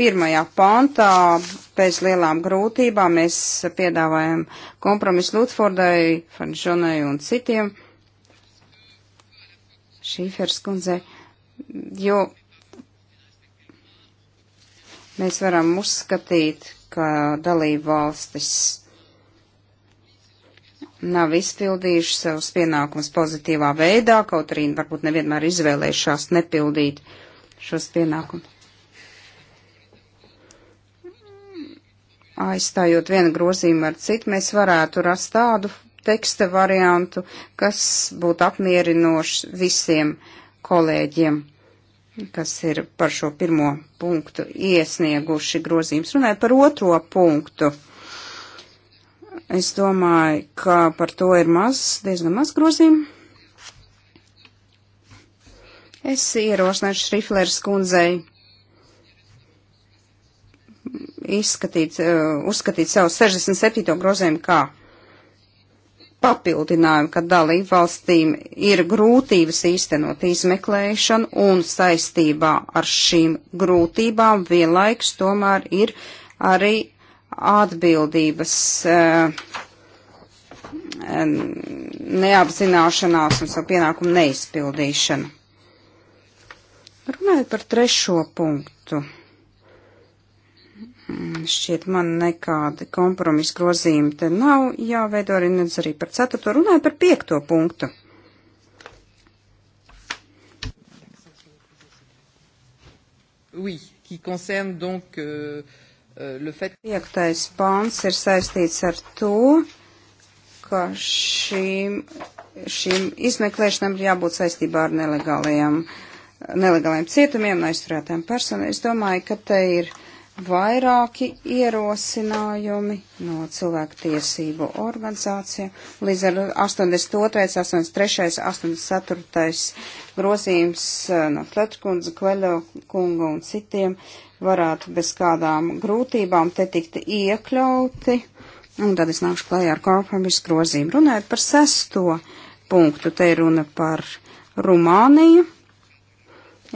pirmajā pantā pēc lielām grūtībām mēs piedāvājam kompromisu Lutfordai, Fanžonai un citiem Šīfers kundzei, jo mēs varam uzskatīt, ka dalību valstis nav izpildījuši savus pienākumus pozitīvā veidā, kaut arī varbūt nevienmēr izvēlējušās nepildīt šos pienākumus. Aizstājot vienu grozījumu ar citu, mēs varētu rast tādu teksta variantu, kas būtu apmierinošs visiem kolēģiem, kas ir par šo pirmo punktu iesnieguši grozījums. Runāju par otro punktu. Uh, Es domāju, ka par to ir maz, diezgan maz grozījumu. Es ierosināšu Šriflers kundzei izskatīt, eh, uzskatīt savu 67. grozījumu kā papildinājumu, ka dalību valstīm ir grūtības īstenot izmeklēšanu un saistībā ar šīm grūtībām vienlaiks tomēr ir arī atbildības eh, neapzināšanās un savu pienākumu neizpildīšanu. Runājot par trešo punktu, mm, šķiet man nekādi kompromisa grozījumi te nav jāveido arī nedz arī par ceturto, runājot par piekto punktu. Oui, qui concerne donc euh, Eh, Piektais pāns ir saistīts ar to, ka šīm, šīm izmeklēšanām ir jābūt saistībā ar nelegālajiem, nelegālajiem cietumiem un aizturētām personām. Es domāju, ka te ir vairāki ierosinājumi no cilvēktiesību organizācijām. Līdz ar 82., 83., 84. grozījums eh, no Fletkundze, Kleļo kunga un citiem varētu bez kādām grūtībām te tikt iekļauti. Un tad es nākšu klājā ar kompromisu grozījumu. Runājot par sesto punktu, te ir runa par Rumāniju.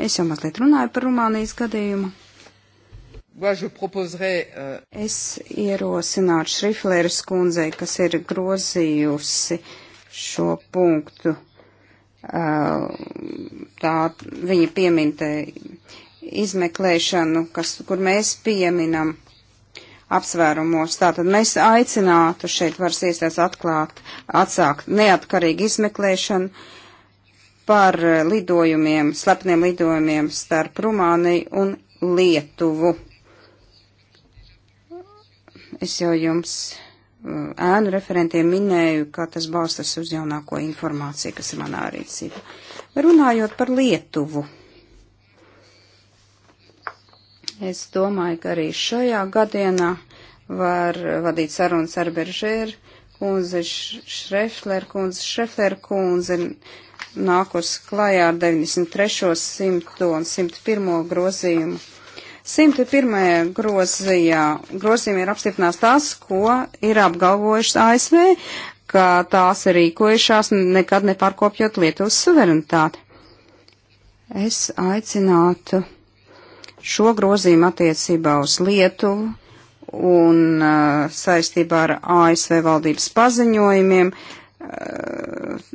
Es jau mazliet runāju par Rumānijas gadījumu. Euh, es ierosinātu Šrifleres kundzei, kas ir grozījusi šo punktu. Euh, tā viņa pieminte izmeklēšanu, kas, kur mēs pieminam apsvērumos. Tātad mēs aicinātu šeit varas iestādes atklāt, atsākt neatkarīgu izmeklēšanu par lidojumiem, slepniem lidojumiem starp Rumāniju un Lietuvu. Es jau jums uh, ēnu referentiem minēju, ka tas balstas uz jaunāko informāciju, kas ir manā rīcībā. Runājot par Lietuvu. Es domāju, ka arī šajā gadienā var vadīt sarunas ar Beržēru kundzi, Šrefler kundzi, Šrefler kundzi nākus klajā ar 93., 100 un 101. grozījumu. 101. grozījā, grozījumā ir apstiprinās tas, ko ir apgalvojušas ASV, ka tās ir rīkojušās nekad nepārkopjot Lietuvas suverenitāti. Es aicinātu šo grozījumu attiecībā uz Lietuvu un uh, saistībā ar ASV valdības paziņojumiem uh,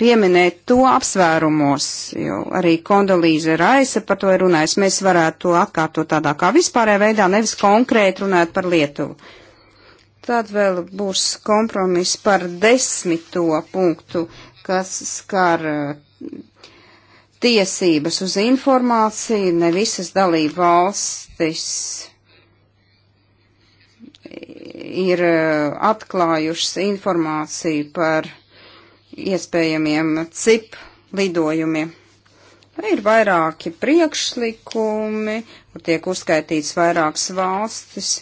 pieminēt to apsvērumos, jo arī Kondolīze Raisa par to ir runājis. Mēs varētu to atkārtot tādā kā vispārē veidā, nevis konkrēti runāt par Lietuvu. Tad vēl būs kompromiss par desmito punktu, kas skar uh, tiesības uz informāciju, ne visas dalība valstis ir eh, atklājušas informāciju par iespējamiem cip lidojumiem. Ir vairāki priekšlikumi, kur tiek uzskaitīts vairākas valstis.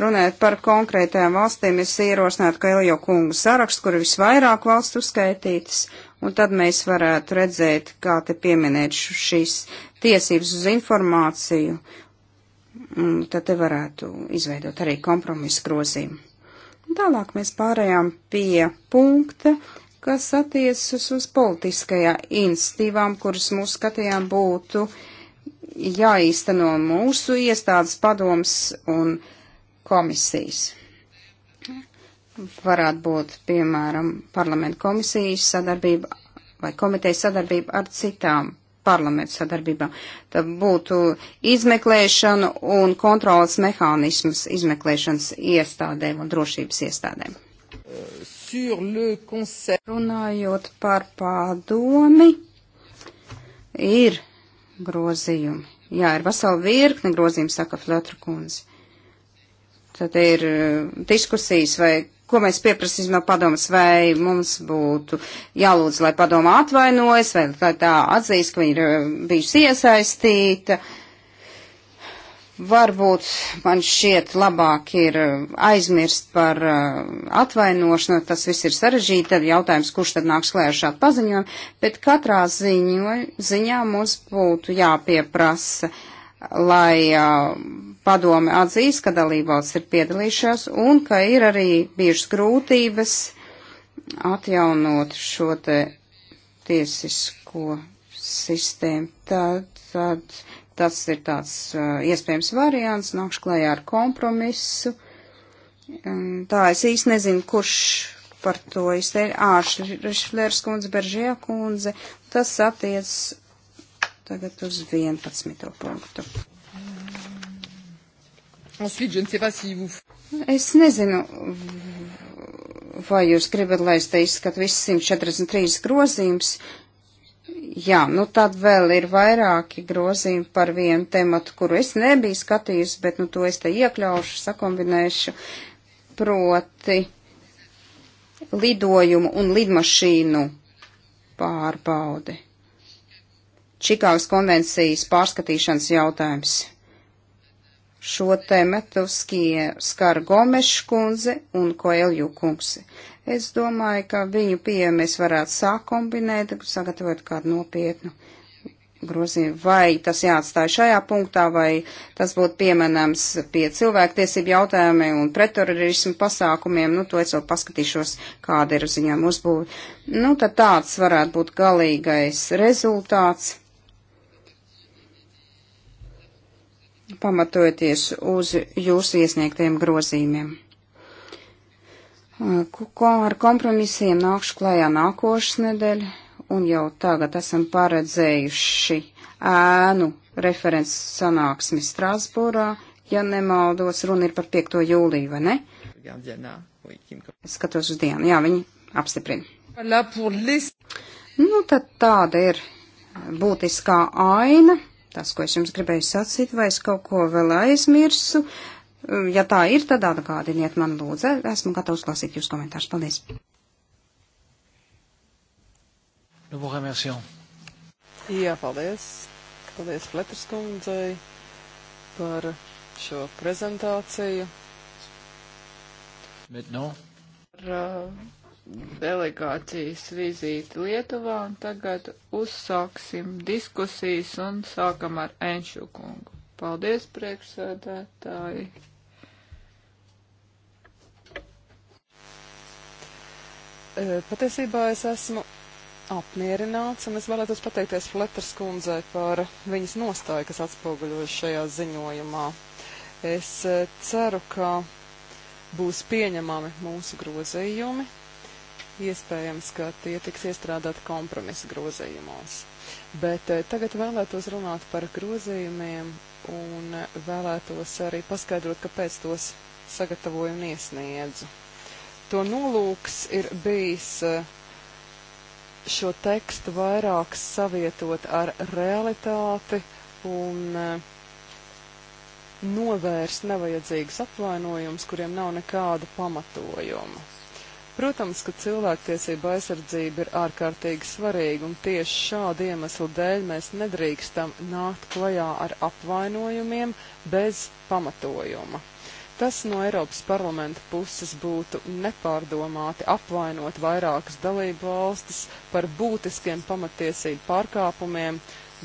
Runājot par konkrētajām valstīm, es ierosinātu Kailjo kungu sarakstu, kur ir visvairāk valstu uzskaitītas. Uh, un tad mēs varētu redzēt, kā te pieminēt šīs tiesības uz informāciju, un tad te varētu izveidot arī kompromisu grozījumu. Tālāk mēs pārējām pie punkta, kas attiecas uz politiskajā institīvām, kuras mūsu skatījām būtu jāīsteno mūsu iestādes padoms un komisijas varētu būt, piemēram, parlamentu komisijas sadarbība vai komitejas sadarbība ar citām parlamentu sadarbībām. Tad būtu izmeklēšana un kontrolas mehānisms izmeklēšanas iestādēm un drošības iestādēm. Runājot par pārdomi, ir grozījumi. Jā, ir vesela virkne grozījumi, saka Flotra kundze. Tad ir eh, diskusijas, vai ko mēs pieprasīsim no padomas, vai mums būtu jālūdz, lai padoma atvainojas, vai lai tā atzīst, ka viņa ir uh, bijusi iesaistīta. Varbūt man šķiet labāk ir uh, aizmirst par uh, atvainošanu, tas viss ir sarežģīti, tad jautājums, kurš tad nāks klēr šādu paziņojumu, bet katrā ziņo, ziņā mums būtu jāpieprasa, lai uh, Padome atzīst, ka dalībvalsts ir piedalījušās un ka ir arī bijušas grūtības atjaunot šo te tiesisko sistēmu. Tad, tad tas ir tāds iespējams variants, nākšu klajā ar kompromisu. Tā es īsti nezinu, kurš par to izteikt. Āršflērs kundze, Beržie kundze, tas attiec tagad uz 11. punktu. Ensuite, je ne sais pas si vous... Es nezinu, vai jūs gribat, lai es te izskatu visus 143 grozījums. Jā, nu tad vēl ir vairāki grozījumi par vienu tematu, kuru es nebiju skatījis, bet nu to es te iekļaušu, sakombinēšu. Proti lidojumu un lidmašīnu pārbaudi. Čikāgas konvencijas pārskatīšanas jautājums. Šo tematu skar Gomeša kundze un Koelju kungsi. Es domāju, ka viņu pieeja mēs varētu sākombinēt, sagatavot kādu nopietnu grozījumu. Vai tas jāatstāja šajā punktā, vai tas būtu piemanams pie cilvēktiesību jautājumiem un pretterorismu pasākumiem, nu to es vēl paskatīšos, kāda ir ziņām uzbūve. Nu tad tāds varētu būt galīgais rezultāts pamatojoties uz jūsu iesniegtiem grozījumiem. Ar kompromisiem nākšu klajā nākošas nedēļa, un jau tagad esam paredzējuši ēnu referents sanāksmi Strasbūrā, ja nemaldos, runa ir par 5. jūliju, vai ne? Es skatos uz dienu, jā, viņi apstiprina. Nu, tad tāda ir būtiskā aina tas, ko es jums gribēju sacīt, vai es kaut ko vēl aizmirsu. Ja tā ir, tad atgādiniet man lūdzu. Esmu gatavs klausīt jūs komentārus. Paldies. Jā, paldies. Paldies Fletras kundzei par šo prezentāciju. Bet no. Par, uh, delegācijas vizīti Lietuvā, un tagad uzsāksim diskusijas un sākam ar Enšu kungu. Paldies, priekšsēdētāji! E, patiesībā es esmu apmierināts, un es vēlētos pateikties Fleters kundzei par viņas nostāju, kas atspoguļojas šajā ziņojumā. Es e, ceru, ka būs pieņemami mūsu grozījumi, iespējams, ka tie tiks iestrādāti kompromisa grozījumos. Bet eh, tagad vēlētos runāt par grozījumiem un eh, vēlētos arī paskaidrot, kāpēc tos sagatavoju un iesniedzu. To nolūks ir bijis eh, šo tekstu vairāk savietot ar realitāti un novērst nevajadzīgus apvainojumus, kuriem nav nekāda pamatojuma. Protams, ka cilvēktiesība aizsardzība ir ārkārtīgi svarīga, un tieši šādu iemeslu dēļ mēs nedrīkstam nākt klajā ar apvainojumiem bez pamatojuma. Tas no Eiropas parlamenta puses būtu nepārdomāti apvainot vairākas dalību valstis par būtiskiem pamatiesību pārkāpumiem,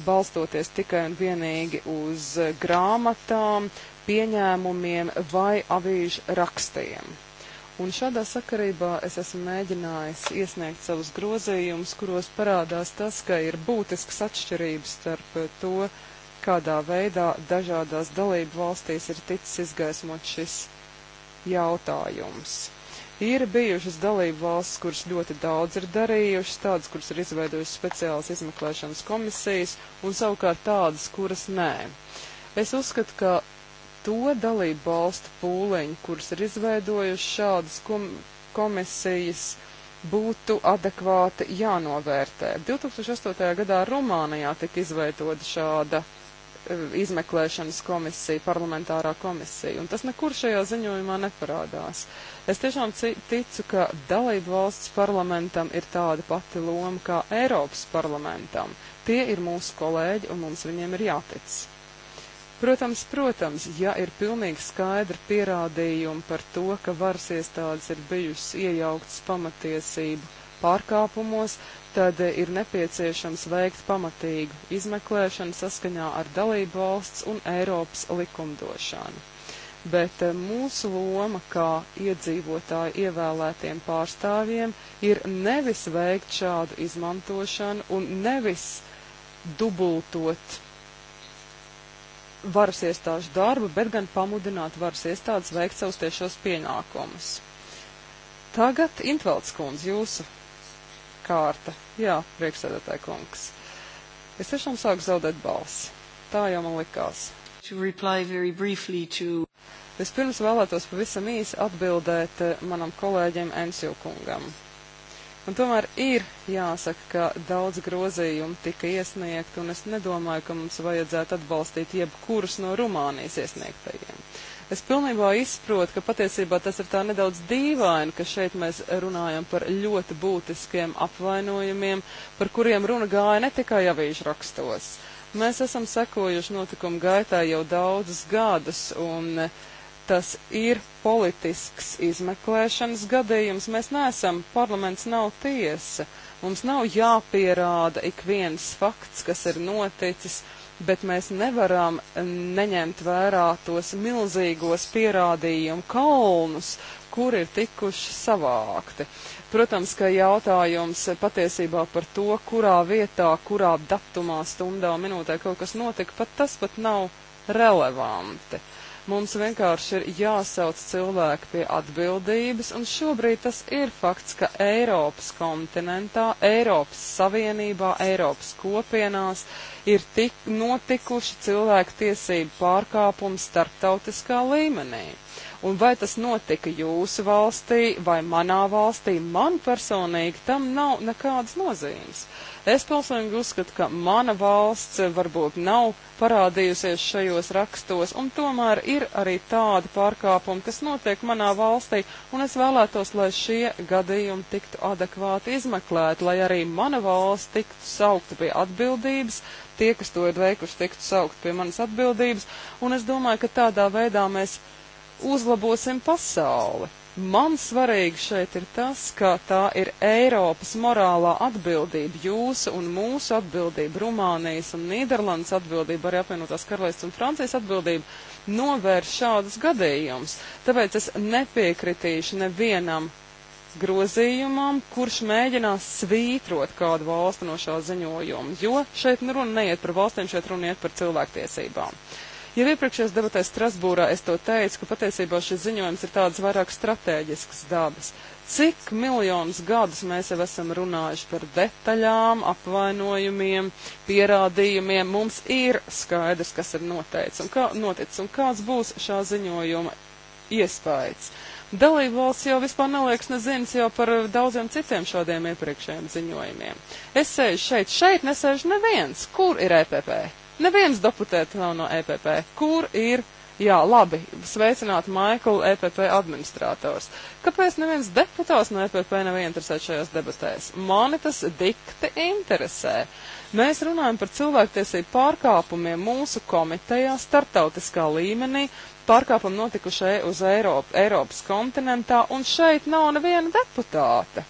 balstoties tikai un vienīgi uz grāmatām, pieņēmumiem vai avīžu rakstiem. Un šādā sakarībā es esmu mēģinājis iesniegt savus grozījumus, kuros parādās tas, ka ir būtisks atšķirības starp to, kādā veidā dažādās dalību valstīs ir ticis izgaismot šis jautājums. Ir bijušas dalību valsts, kuras ļoti daudz ir darījušas, tādas, kuras ir izveidojušas speciālas izmeklēšanas komisijas, un savukārt tādas, kuras nē. Es uzskatu, ka to dalību valstu pūliņi, kuras ir izveidojuši šādas komisijas, būtu adekvāti jānovērtē. 2008. gadā Rumānijā tika izveidota šāda e, izmeklēšanas komisija, parlamentārā komisija, un tas nekur šajā ziņojumā neparādās. Es tiešām ticu, ka dalību valsts parlamentam ir tāda pati loma kā Eiropas parlamentam. Tie ir mūsu kolēģi, un mums viņiem ir jātic. Protams, protams, ja ir pilnīgi skaidri pierādījumi par to, ka varas iestādes ir bijušas iejauktas pamatiesību pārkāpumos, tad eh, ir nepieciešams veikt pamatīgu izmeklēšanu saskaņā ar dalību valsts un Eiropas likumdošanu. Bet eh, mūsu loma kā iedzīvotāju ievēlētiem pārstāvjiem ir nevis veikt šādu izmantošanu un nevis dubultot varas iestāžu darbu, bet gan pamudināt varas iestādes veikt savus tiešos pienākumus. Tagad Intvelds kundze, jūsu kārta. Jā, priekšsēdētāja kungs. Es tiešām sāku zaudēt balsi. Tā jau man likās. To... Vispirms vēlētos pavisam īsi atbildēt eh, manam kolēģim Ensju kungam. Un tomēr ir jāsaka, ka daudz grozījumu tika iesniegt, un es nedomāju, ka mums vajadzētu atbalstīt jebkurus no Rumānijas iesniegtajiem. Es pilnībā izprotu, ka patiesībā tas ir tā nedaudz dīvaini, ka šeit mēs runājam par ļoti būtiskiem apvainojumiem, par kuriem runa gāja ne tikai avīžu rakstos. Mēs esam sekojuši notikumu gaitā jau daudzus gadus, un uh, tas ir politisks izmeklēšanas gadījums. Mēs neesam, parlaments nav tiesa. Mums nav jāpierāda ik viens fakts, kas ir noticis, bet mēs nevaram neņemt vērā tos milzīgos pierādījumu kalnus, kur ir tikuši savākti. Protams, ka jautājums patiesībā par to, kurā vietā, kurā datumā, stundā, minūtē kaut kas notika, pat tas pat nav relevanti. Mums vienkārši ir jāsauc cilvēki pie atbildības, un šobrīd tas ir fakts, ka Eiropas kontinentā, Eiropas Savienībā, Eiropas kopienās ir tik notikuši cilvēku tiesību pārkāpumi starptautiskā līmenī. Un vai tas notika jūsu valstī vai manā valstī, man personīgi tam nav nekādas nozīmes. Uh, Es personīgi uzskatu, ka mana valsts varbūt nav parādījusies šajos rakstos, un tomēr ir arī tādi pārkāpumi, kas notiek manā valstī, un es vēlētos, lai šie gadījumi tiktu adekvāti izmeklēti, lai arī mana valsts tiktu saukta pie atbildības, tie, kas to ir veikuši, tiktu saukt pie manas atbildības, un es domāju, ka tādā veidā mēs uzlabosim pasauli. Man svarīgi šeit ir tas, ka tā ir Eiropas morālā atbildība, jūsu un mūsu atbildība, Rumānijas un Nīderlandes atbildība, arī apvienotās karalists un Francijas atbildība novērš šādas gadījumus. Tāpēc es nepiekritīšu nevienam grozījumam, kurš mēģinās svītrot kādu valstu no šā ziņojuma, jo šeit nu runa neiet par valstīm, šeit runa iet par cilvēktiesībām. Jau iepriekšējās debatēs Strasbūrā es to teicu, ka patiesībā šis ziņojums ir tāds vairāk strateģisks dabas. Cik miljonus gadus mēs jau esam runājuši par detaļām, apvainojumiem, pierādījumiem, mums ir skaidrs, kas ir noteicis un, kā, noticis, un kāds būs šā ziņojuma iespējas. Dalību valsts jau vispār neliekas nezins jau par daudziem citiem šādiem iepriekšējiem ziņojumiem. Es sēžu šeit, šeit nesēžu neviens. Kur ir EPP? Neviens deputēti nav no EPP. Kur ir? Jā, labi, sveicināt Maiklu, EPP administrators. Kāpēc neviens deputāts no EPP nav ieinteresēts šajās debatēs? Mani tas dikti interesē. Mēs runājam par cilvēktiesību pārkāpumiem mūsu komitejā, startautiskā līmenī, pārkāpumi notikuši e- uz Eiropu, Eiropas kontinentā, un šeit nav neviena deputāta.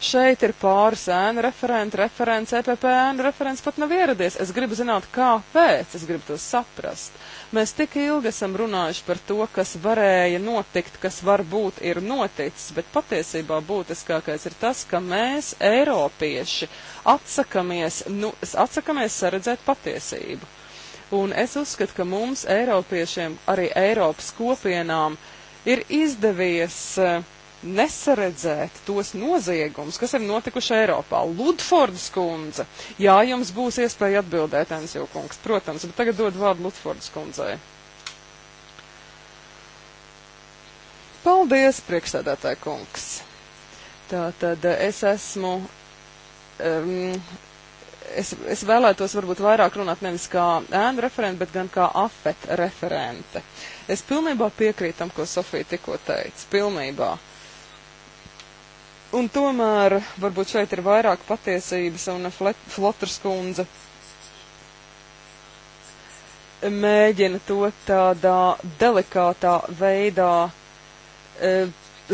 Šeit ir pāris ēnu referenti, referents, EPP ēnu referents pat nav ieradies. Es gribu zināt, kāpēc, es gribu to saprast. Mēs tik ilgi esam runājuši par to, kas varēja notikt, kas varbūt ir noticis, bet patiesībā būtiskākais ir tas, ka mēs, eiropieši, atsakamies, nu, atsakamies saredzēt patiesību. Un es uzskatu, ka mums, eiropiešiem, arī Eiropas kopienām, ir izdevies uh, nesaredzēt tos noziegumus, kas ir notikuši Eiropā. Ludfords kundze, jā, jums būs iespēja atbildēt, Ensio kungs, protams, bet tagad dod vārdu Ludfords kundzei. Paldies, priekšsēdētāji kungs. Tātad eh, es esmu. Um, es, es vēlētos varbūt vairāk runāt nevis kā ēnu referente, bet gan kā afet referente. Es pilnībā piekrītu tam, ko Sofija tikko teica. Pilnībā. Un tomēr varbūt šeit ir vairāk patiesības un Flotras kundze mēģina to tādā delikātā veidā e,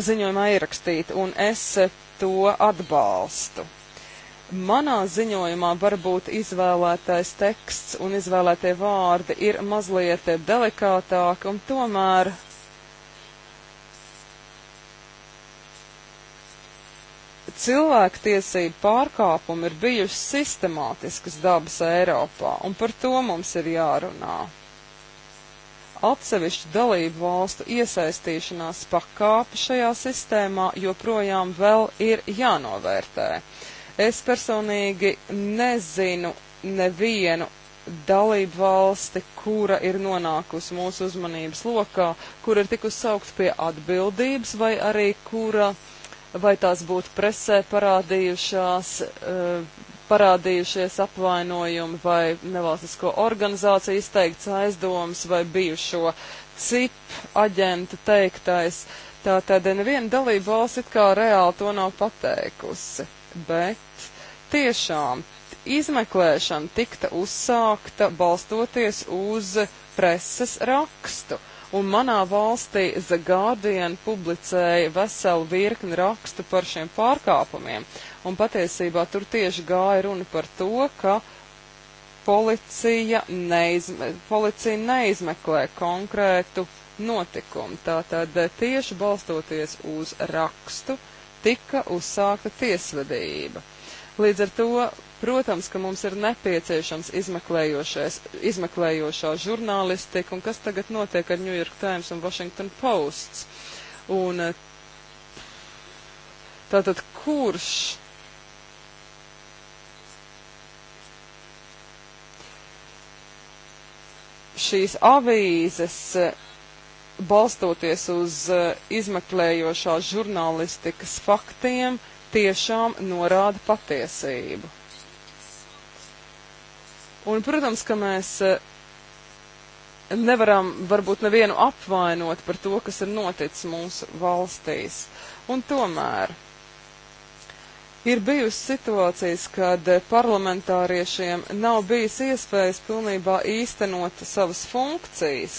ziņojumā ierakstīt, un es to atbalstu. Manā ziņojumā varbūt izvēlētais teksts un izvēlētie vārdi ir mazliet delikātāki, un tomēr cilvēktiesību pārkāpumi ir bijuši sistemātiskas dabas Eiropā, un par to mums ir jārunā. Atsevišķu dalību valstu iesaistīšanās pakāpe šajā sistēmā joprojām vēl ir jānovērtē. Es personīgi nezinu nevienu dalību valsti, kura ir nonākusi mūsu uzmanības lokā, kura ir tikusi saukt pie atbildības vai arī kura uh, vai tās būtu presē parādījušās, e, parādījušies apvainojumi vai nevalstisko organizāciju izteikts aizdoms vai bijušo CIP aģenta teiktais. Tātad neviena dalība valsts it kā reāli to nav pateikusi, bet tiešām izmeklēšana tikta uzsākta balstoties uz preses rakstu. Uh, Un manā valstī The Guardian publicēja veselu virkni rakstu par šiem pārkāpumiem. Un patiesībā tur tieši gāja runa par to, ka policija, neizme, policija neizmeklē konkrētu notikumu. Tātad eh, tieši balstoties uz rakstu tika uzsākta tiesvedība. Līdz ar to Protams, ka mums ir nepieciešams izmeklējošā žurnālistika, un kas tagad notiek ar New York Times un Washington Posts. Un eh, tātad kurš šīs avīzes eh, balstoties uz eh, izmeklējošās žurnālistikas faktiem, tiešām norāda patiesību. Un, protams, ka mēs eh, nevaram varbūt nevienu apvainot par to, kas ir noticis mūsu valstīs. Un tomēr ir bijusi situācijas, kad parlamentāriešiem nav bijis iespējas pilnībā īstenot savas funkcijas,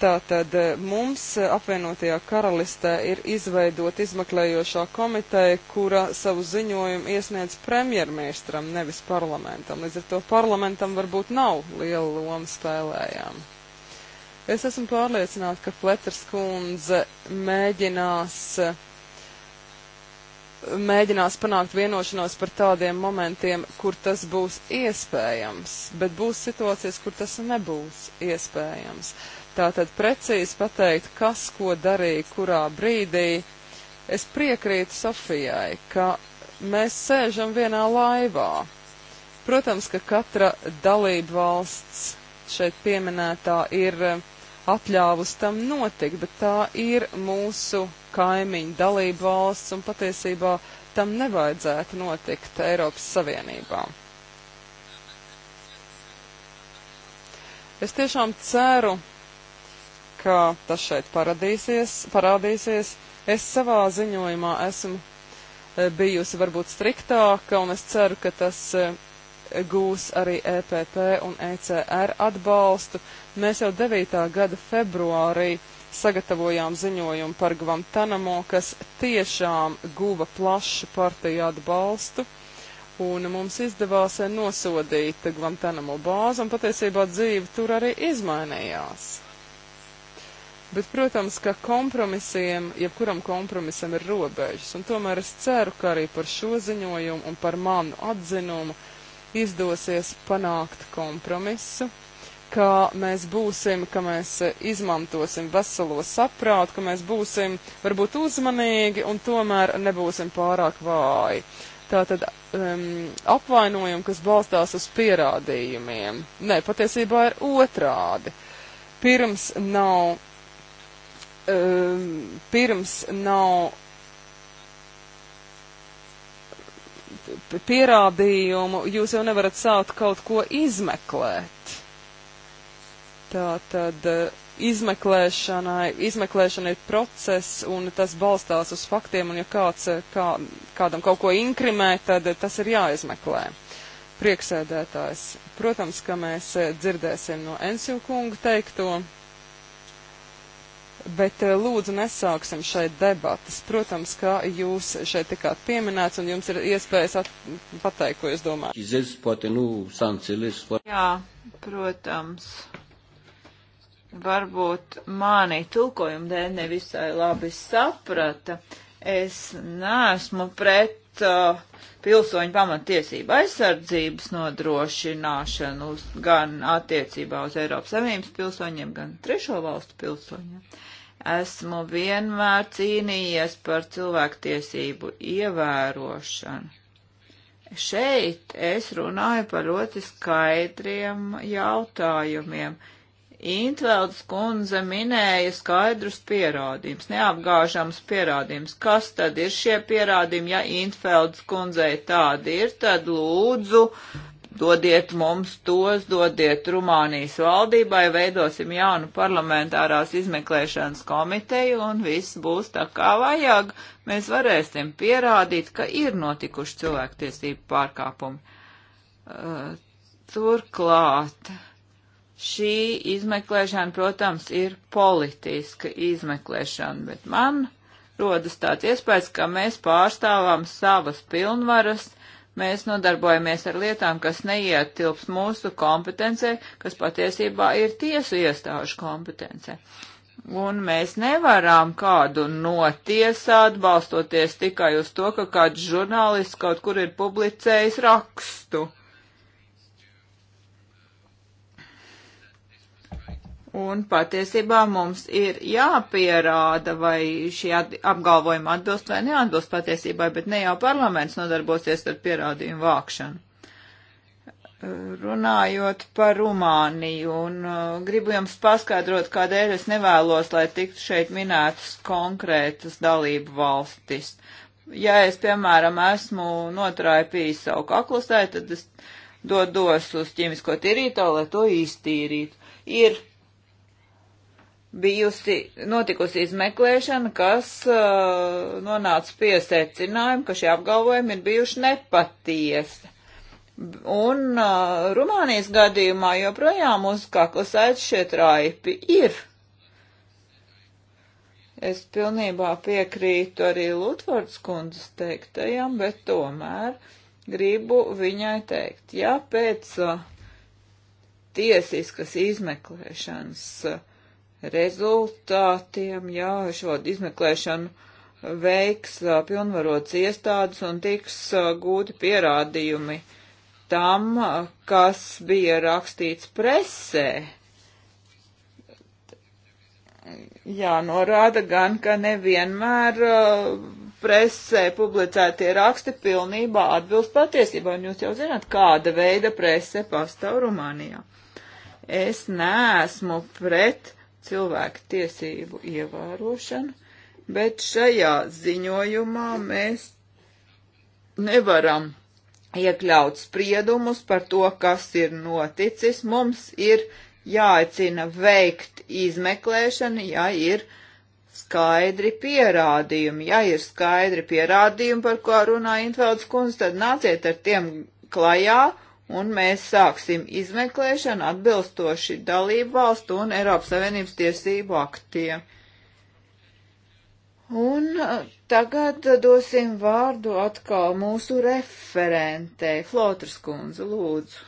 Tātad eh, mums eh, apvienotajā karalistē ir izveidot izmeklējošā komiteja, kura savu ziņojumu iesniedz premjerministram, nevis parlamentam. Līdz ar to parlamentam varbūt nav liela loma spēlējām. Es esmu pārliecināta, ka Fleters kundze mēģinās eh, mēģinās panākt vienošanos par tādiem momentiem, kur tas būs iespējams, bet būs situācijas, kur tas nebūs iespējams. Uh, Tātad precīzi pateikt, kas ko darīja, kurā brīdī. Es piekrītu Sofijai, ka mēs sēžam vienā laivā. Protams, ka katra dalība valsts šeit pieminētā ir eh, atļāvusi tam notikt, bet tā ir mūsu kaimiņu dalība valsts un patiesībā tam nevajadzētu notikt Eiropas Savienībā. Es tiešām ceru, ka tas šeit parādīsies. Es savā ziņojumā esmu e, bijusi varbūt striktāka, un es ceru, ka tas e, gūs arī EPP un ECR atbalstu. Mēs jau 9. gada februārī sagatavojām ziņojumu par Gvantanamo, kas tiešām guva plašu partiju atbalstu, un mums izdevās e, nosodīt Gvantanamo bāzi, un patiesībā dzīve tur arī izmainījās. Bet, protams, ka kompromisiem, jebkuram kompromisam ir robežas, un tomēr es ceru, ka arī par šo ziņojumu un par manu atzinumu izdosies panākt kompromisu, ka mēs būsim, ka mēs izmantosim veselo saprātu, ka mēs būsim varbūt uzmanīgi un tomēr nebūsim pārāk vāji. Tātad um, apvainojumi, kas balstās uz pierādījumiem. Nē, patiesībā ir otrādi. Pirms nav Ehm, pirms nav pierādījumu, jūs jau nevarat sākt kaut ko izmeklēt. Tā tad eh, izmeklēšanai, izmeklēšana ir process un tas balstās uz faktiem, un ja kāds eh, kā, kādam kaut ko inkrimē, tad eh, tas ir jāizmeklē. Prieksēdētājs. Protams, ka mēs dzirdēsim no Ensju kunga teikto bet eh, lūdzu nesāksim šeit debatas. Protams, ka jūs šeit tikāt pieminēts un jums ir iespējas pateikt, ko jūs domājat. Nu, Jā, protams. Varbūt mani tulkojuma dēļ nevisai labi saprata. Es neesmu pret uh, pilsoņu pamatiesību aizsardzības nodrošināšanu uz, gan attiecībā uz Eiropas Savienības pilsoņiem, gan trešo valstu pilsoņiem. Esmu vienmēr cīnījies par cilvēktiesību ievērošanu. Šeit es runāju par ļoti skaidriem jautājumiem. Intveldes kundze minēja skaidrus pierādījumus, neapgāžams pierādījums. Kas tad ir šie pierādījumi? Ja Intveldes kundzei tādi ir, tad lūdzu dodiet mums tos, dodiet Rumānijas valdībai, veidosim jaunu parlamentārās izmeklēšanas komiteju un viss būs tā kā vajag. Mēs varēsim pierādīt, ka ir notikuši cilvēktiesību pārkāpumi. Uh, turklāt šī izmeklēšana, protams, ir politiska izmeklēšana, bet man rodas tāds iespējas, ka mēs pārstāvām savas pilnvaras Mēs nodarbojamies ar lietām, kas neietilps mūsu kompetencē, kas patiesībā ir tiesu iestāžu kompetencē. Un mēs nevaram kādu notiesāt, balstoties tikai uz to, ka kāds žurnālists kaut kur ir publicējis rakstu. Un patiesībā mums ir jāpierāda, vai šī apgalvojuma atbilst vai neatbilst patiesībai, bet ne jau parlaments nodarbosies ar pierādījumu vākšanu. Runājot par Rumāniju, un uh, gribu jums paskaidrot, kādēļ es nevēlos, lai tiktu šeit minētas konkrētas dalību valstis. Ja es, piemēram, esmu notrāpījis savu kaklusē, tad es dodos uz ķīmisko tīrītāju, lai to iztīrītu. Ir bijusi notikusi izmeklēšana, kas uh, nonāca pie secinājuma, ka šie apgalvojumi ir bijuši nepatiesi. Un uh, Rumānijas gadījumā joprojām uz kakla sēdz šie traipi ir. Es pilnībā piekrītu arī Lutvards kundzes teiktajam, bet tomēr gribu viņai teikt, ja pēc uh, tiesiskas izmeklēšanas uh, rezultātiem, jā, šo izmeklēšanu veiks pilnvarots iestādes un tiks gūti pierādījumi tam, kas bija rakstīts presē. Jā, norāda gan, ka nevienmēr presē publicētie raksti pilnībā atbilst patiesībā, un jūs jau zināt, kāda veida presē pastāv Rumānijā. Es neesmu pret cilvēku tiesību ievērošanu, bet šajā ziņojumā mēs nevaram iekļaut spriedumus par to, kas ir noticis. Mums ir jāicina veikt izmeklēšanu, ja ir skaidri pierādījumi. Ja ir skaidri pierādījumi, par ko runā Intvelds kundze, tad nāciet ar tiem klajā un mēs sāksim izmeklēšanu atbilstoši dalību valstu un Eiropas Savienības tiesību aktiem. Un tagad dosim vārdu atkal mūsu referentei, Flotras kundze, lūdzu.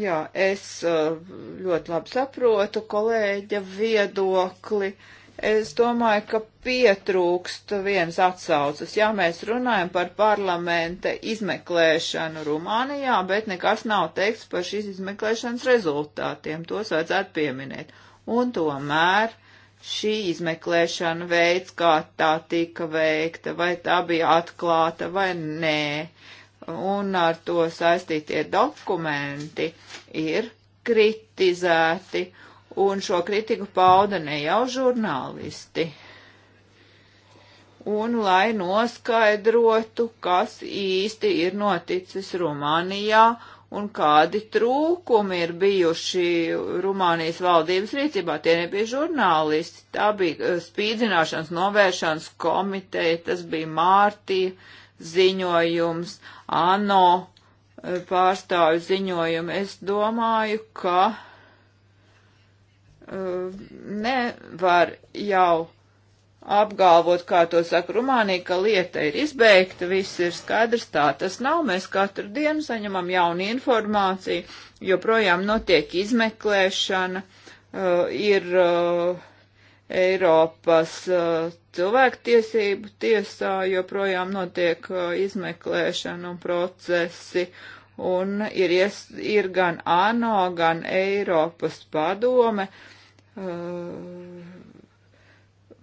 Jā, es ļoti labi saprotu kolēģa viedokli. Uh, Es domāju, ka pietrūkst viens atsaucas. Jā, mēs runājam par parlamenta izmeklēšanu Rumānijā, bet nekas nav teikts par šīs izmeklēšanas rezultātiem. Tos vajadzētu pieminēt. Un tomēr šī izmeklēšana veids, kā tā tika veikta, vai tā bija atklāta vai nē, un ar to saistītie dokumenti ir kritizēti un šo kritiku pauda ne jau žurnālisti. Un lai noskaidrotu, kas īsti ir noticis Rumānijā un kādi trūkumi ir bijuši Rumānijas valdības rīcībā. Tie nebija žurnālisti, tā bija eh, spīdzināšanas novēršanas komiteja, tas bija Mārtī ziņojums, ANO eh, pārstāvju ziņojumi. Es domāju, ka nevar jau apgalvot, kā to saka Rumānija, ka lieta ir izbeigta, viss ir skaidrs, tā tas nav. Mēs katru dienu saņemam jaunu informāciju, joprojām notiek izmeklēšana, uh, ir uh, Eiropas uh, cilvēktiesību tiesā, joprojām notiek uh, izmeklēšana un procesi. Un ir, ies, ir gan ANO, gan Eiropas padome. Uh, Uh,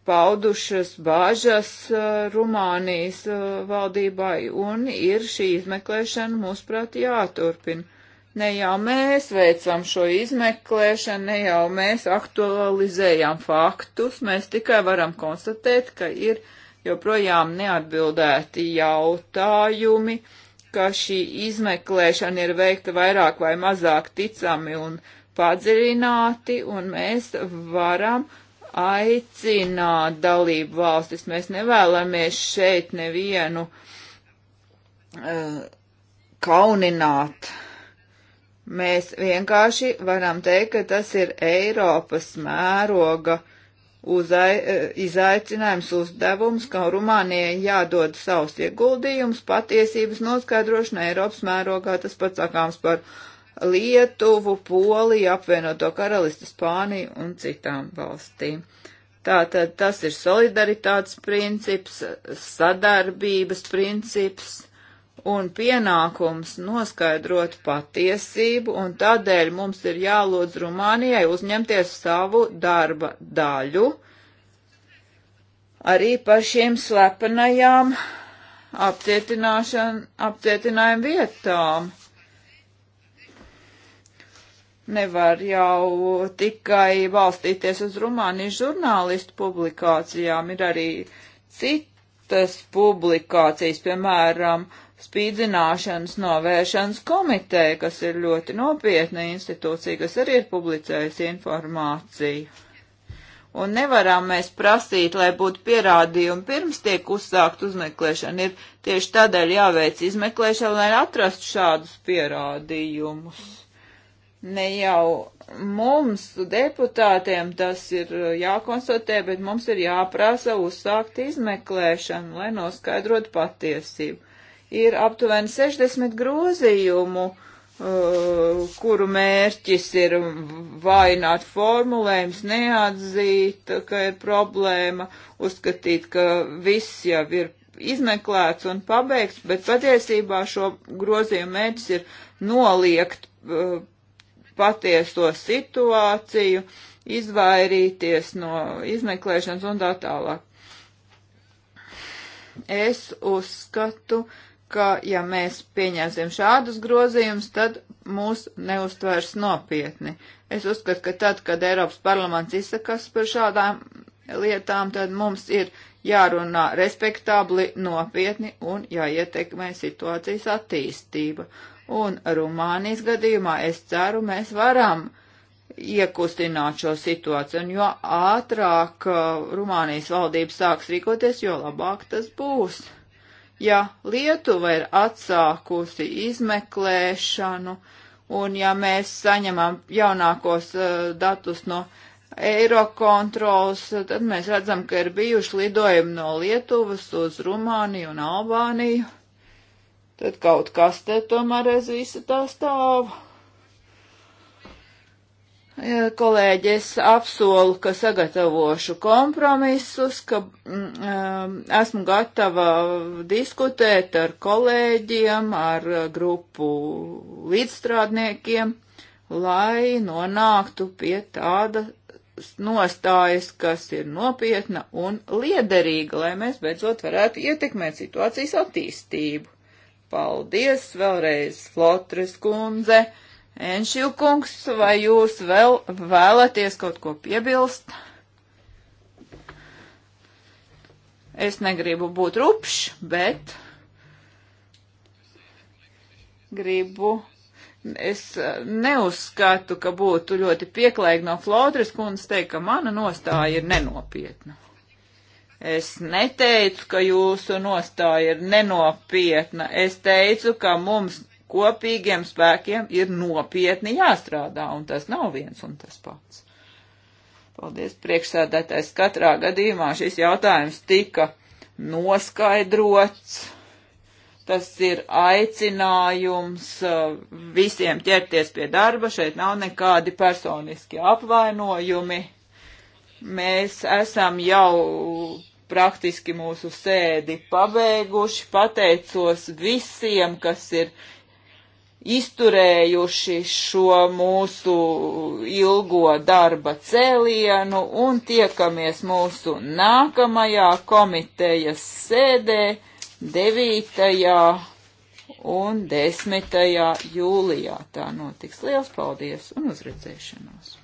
paudušas bāžas uh, Rumānijas uh, valdībai, un ir šī izmeklēšana, mūsuprāt, jāturpina. Ne jau mēs veicam šo izmeklēšanu, ne jau mēs aktualizējam faktus, mēs tikai varam konstatēt, ka ir joprojām neatbildēti jautājumi, ka šī izmeklēšana ir veikta vairāk vai mazāk ticami un uh, padziļināti un mēs varam aicināt dalību valstis. Mēs nevēlamies šeit nevienu uh, kaunināt. Mēs vienkārši varam teikt, ka tas ir Eiropas mēroga uzai, eh, izaicinājums, uzdevums, ka Rumānijai jādod savus ieguldījumus patiesības noskaidrošana Eiropas mērogā. Tas pats sakāms par Lietuvu, Poliju, apvienoto karalistu, Spāniju un citām valstīm. Tātad tas ir solidaritātes princips, sadarbības princips un pienākums noskaidrot patiesību, un tādēļ mums ir jālūdz Rumānijai uzņemties savu darba daļu arī par šīm slepenajām apcietinājumu vietām nevar jau tikai balstīties uz Rumānijas žurnālistu publikācijām, ir arī citas publikācijas, piemēram, spīdzināšanas novēršanas komiteja, kas ir ļoti nopietna institūcija, kas arī ir publicējusi informāciju. Un nevaram mēs prasīt, lai būtu pierādījumi pirms tiek uzsākt uzmeklēšana. Ir tieši tādēļ jāveic izmeklēšana, lai atrastu šādus pierādījumus ne jau mums, deputātiem, tas ir uh, jākonstatē, bet mums ir jāprasa uzsākt izmeklēšanu, lai noskaidrotu patiesību. Ir aptuveni 60 grozījumu, uh, kuru mērķis ir vainot formulējums, neatzīt, uh, ka ir problēma, uzskatīt, ka viss jau ir izmeklēts un pabeigts, bet patiesībā šo grozījumu mērķis ir noliegt uh, patieso situāciju, izvairīties no izmeklēšanas un tā tālāk. Es uzskatu, ka ja mēs pieņemsim šādus grozījumus, tad mūs neuztvērs nopietni. Es uzskatu, ka tad, kad Eiropas parlaments izsakas par šādām lietām, tad mums ir jārunā respektabli, nopietni un jāietekmē situācijas attīstība. Un Rumānijas gadījumā es ceru, mēs varam iekustināt šo situāciju, un jo ātrāk uh, Rumānijas valdība sāks rīkoties, jo labāk tas būs. Ja Lietuva ir atsākusi izmeklēšanu, un ja mēs saņemam jaunākos uh, datus no Eirokontrols, tad mēs redzam, ka ir bijuši lidojumi no Lietuvas uz Rumāniju un Albāniju. Tad kaut kas te tomēr aiz visa tā stāv. Ja, kolēģi, es apsolu, ka sagatavošu kompromisus, ka mm, um, esmu gatava diskutēt ar kolēģiem, ar grupu līdzstrādniekiem, lai nonāktu pie tāda nostājas, kas ir nopietna un liederīga, lai mēs beidzot varētu ietekmēt situācijas attīstību. Paldies vēlreiz, Flotris kundze. Enšilkungs, vai jūs vēl vēlaties kaut ko piebilst? Es negribu būt rupšs, bet gribu. Es eh, neuzskatu, ka būtu ļoti pieklājīgi no Flotras kundzes teikt, ka mana nostāja ir nenopietna. Es neteicu, ka jūsu nostāja ir nenopietna. Es teicu, ka mums kopīgiem spēkiem ir nopietni jāstrādā, un tas nav viens un tas pats. Paldies, priekšsēdētājs. Katrā gadījumā šis jautājums tika noskaidrots. Tas ir aicinājums uh, visiem ķerties pie darba. Šeit nav nekādi personiski apvainojumi. Mēs esam jau praktiski mūsu sēdi pabeiguši. Pateicos visiem, kas ir izturējuši šo mūsu ilgo darba cēlienu un tiekamies mūsu nākamajā komitejas sēdē 9. un 10. jūlijā. Tā notiks. Liels paldies un uzredzēšanos!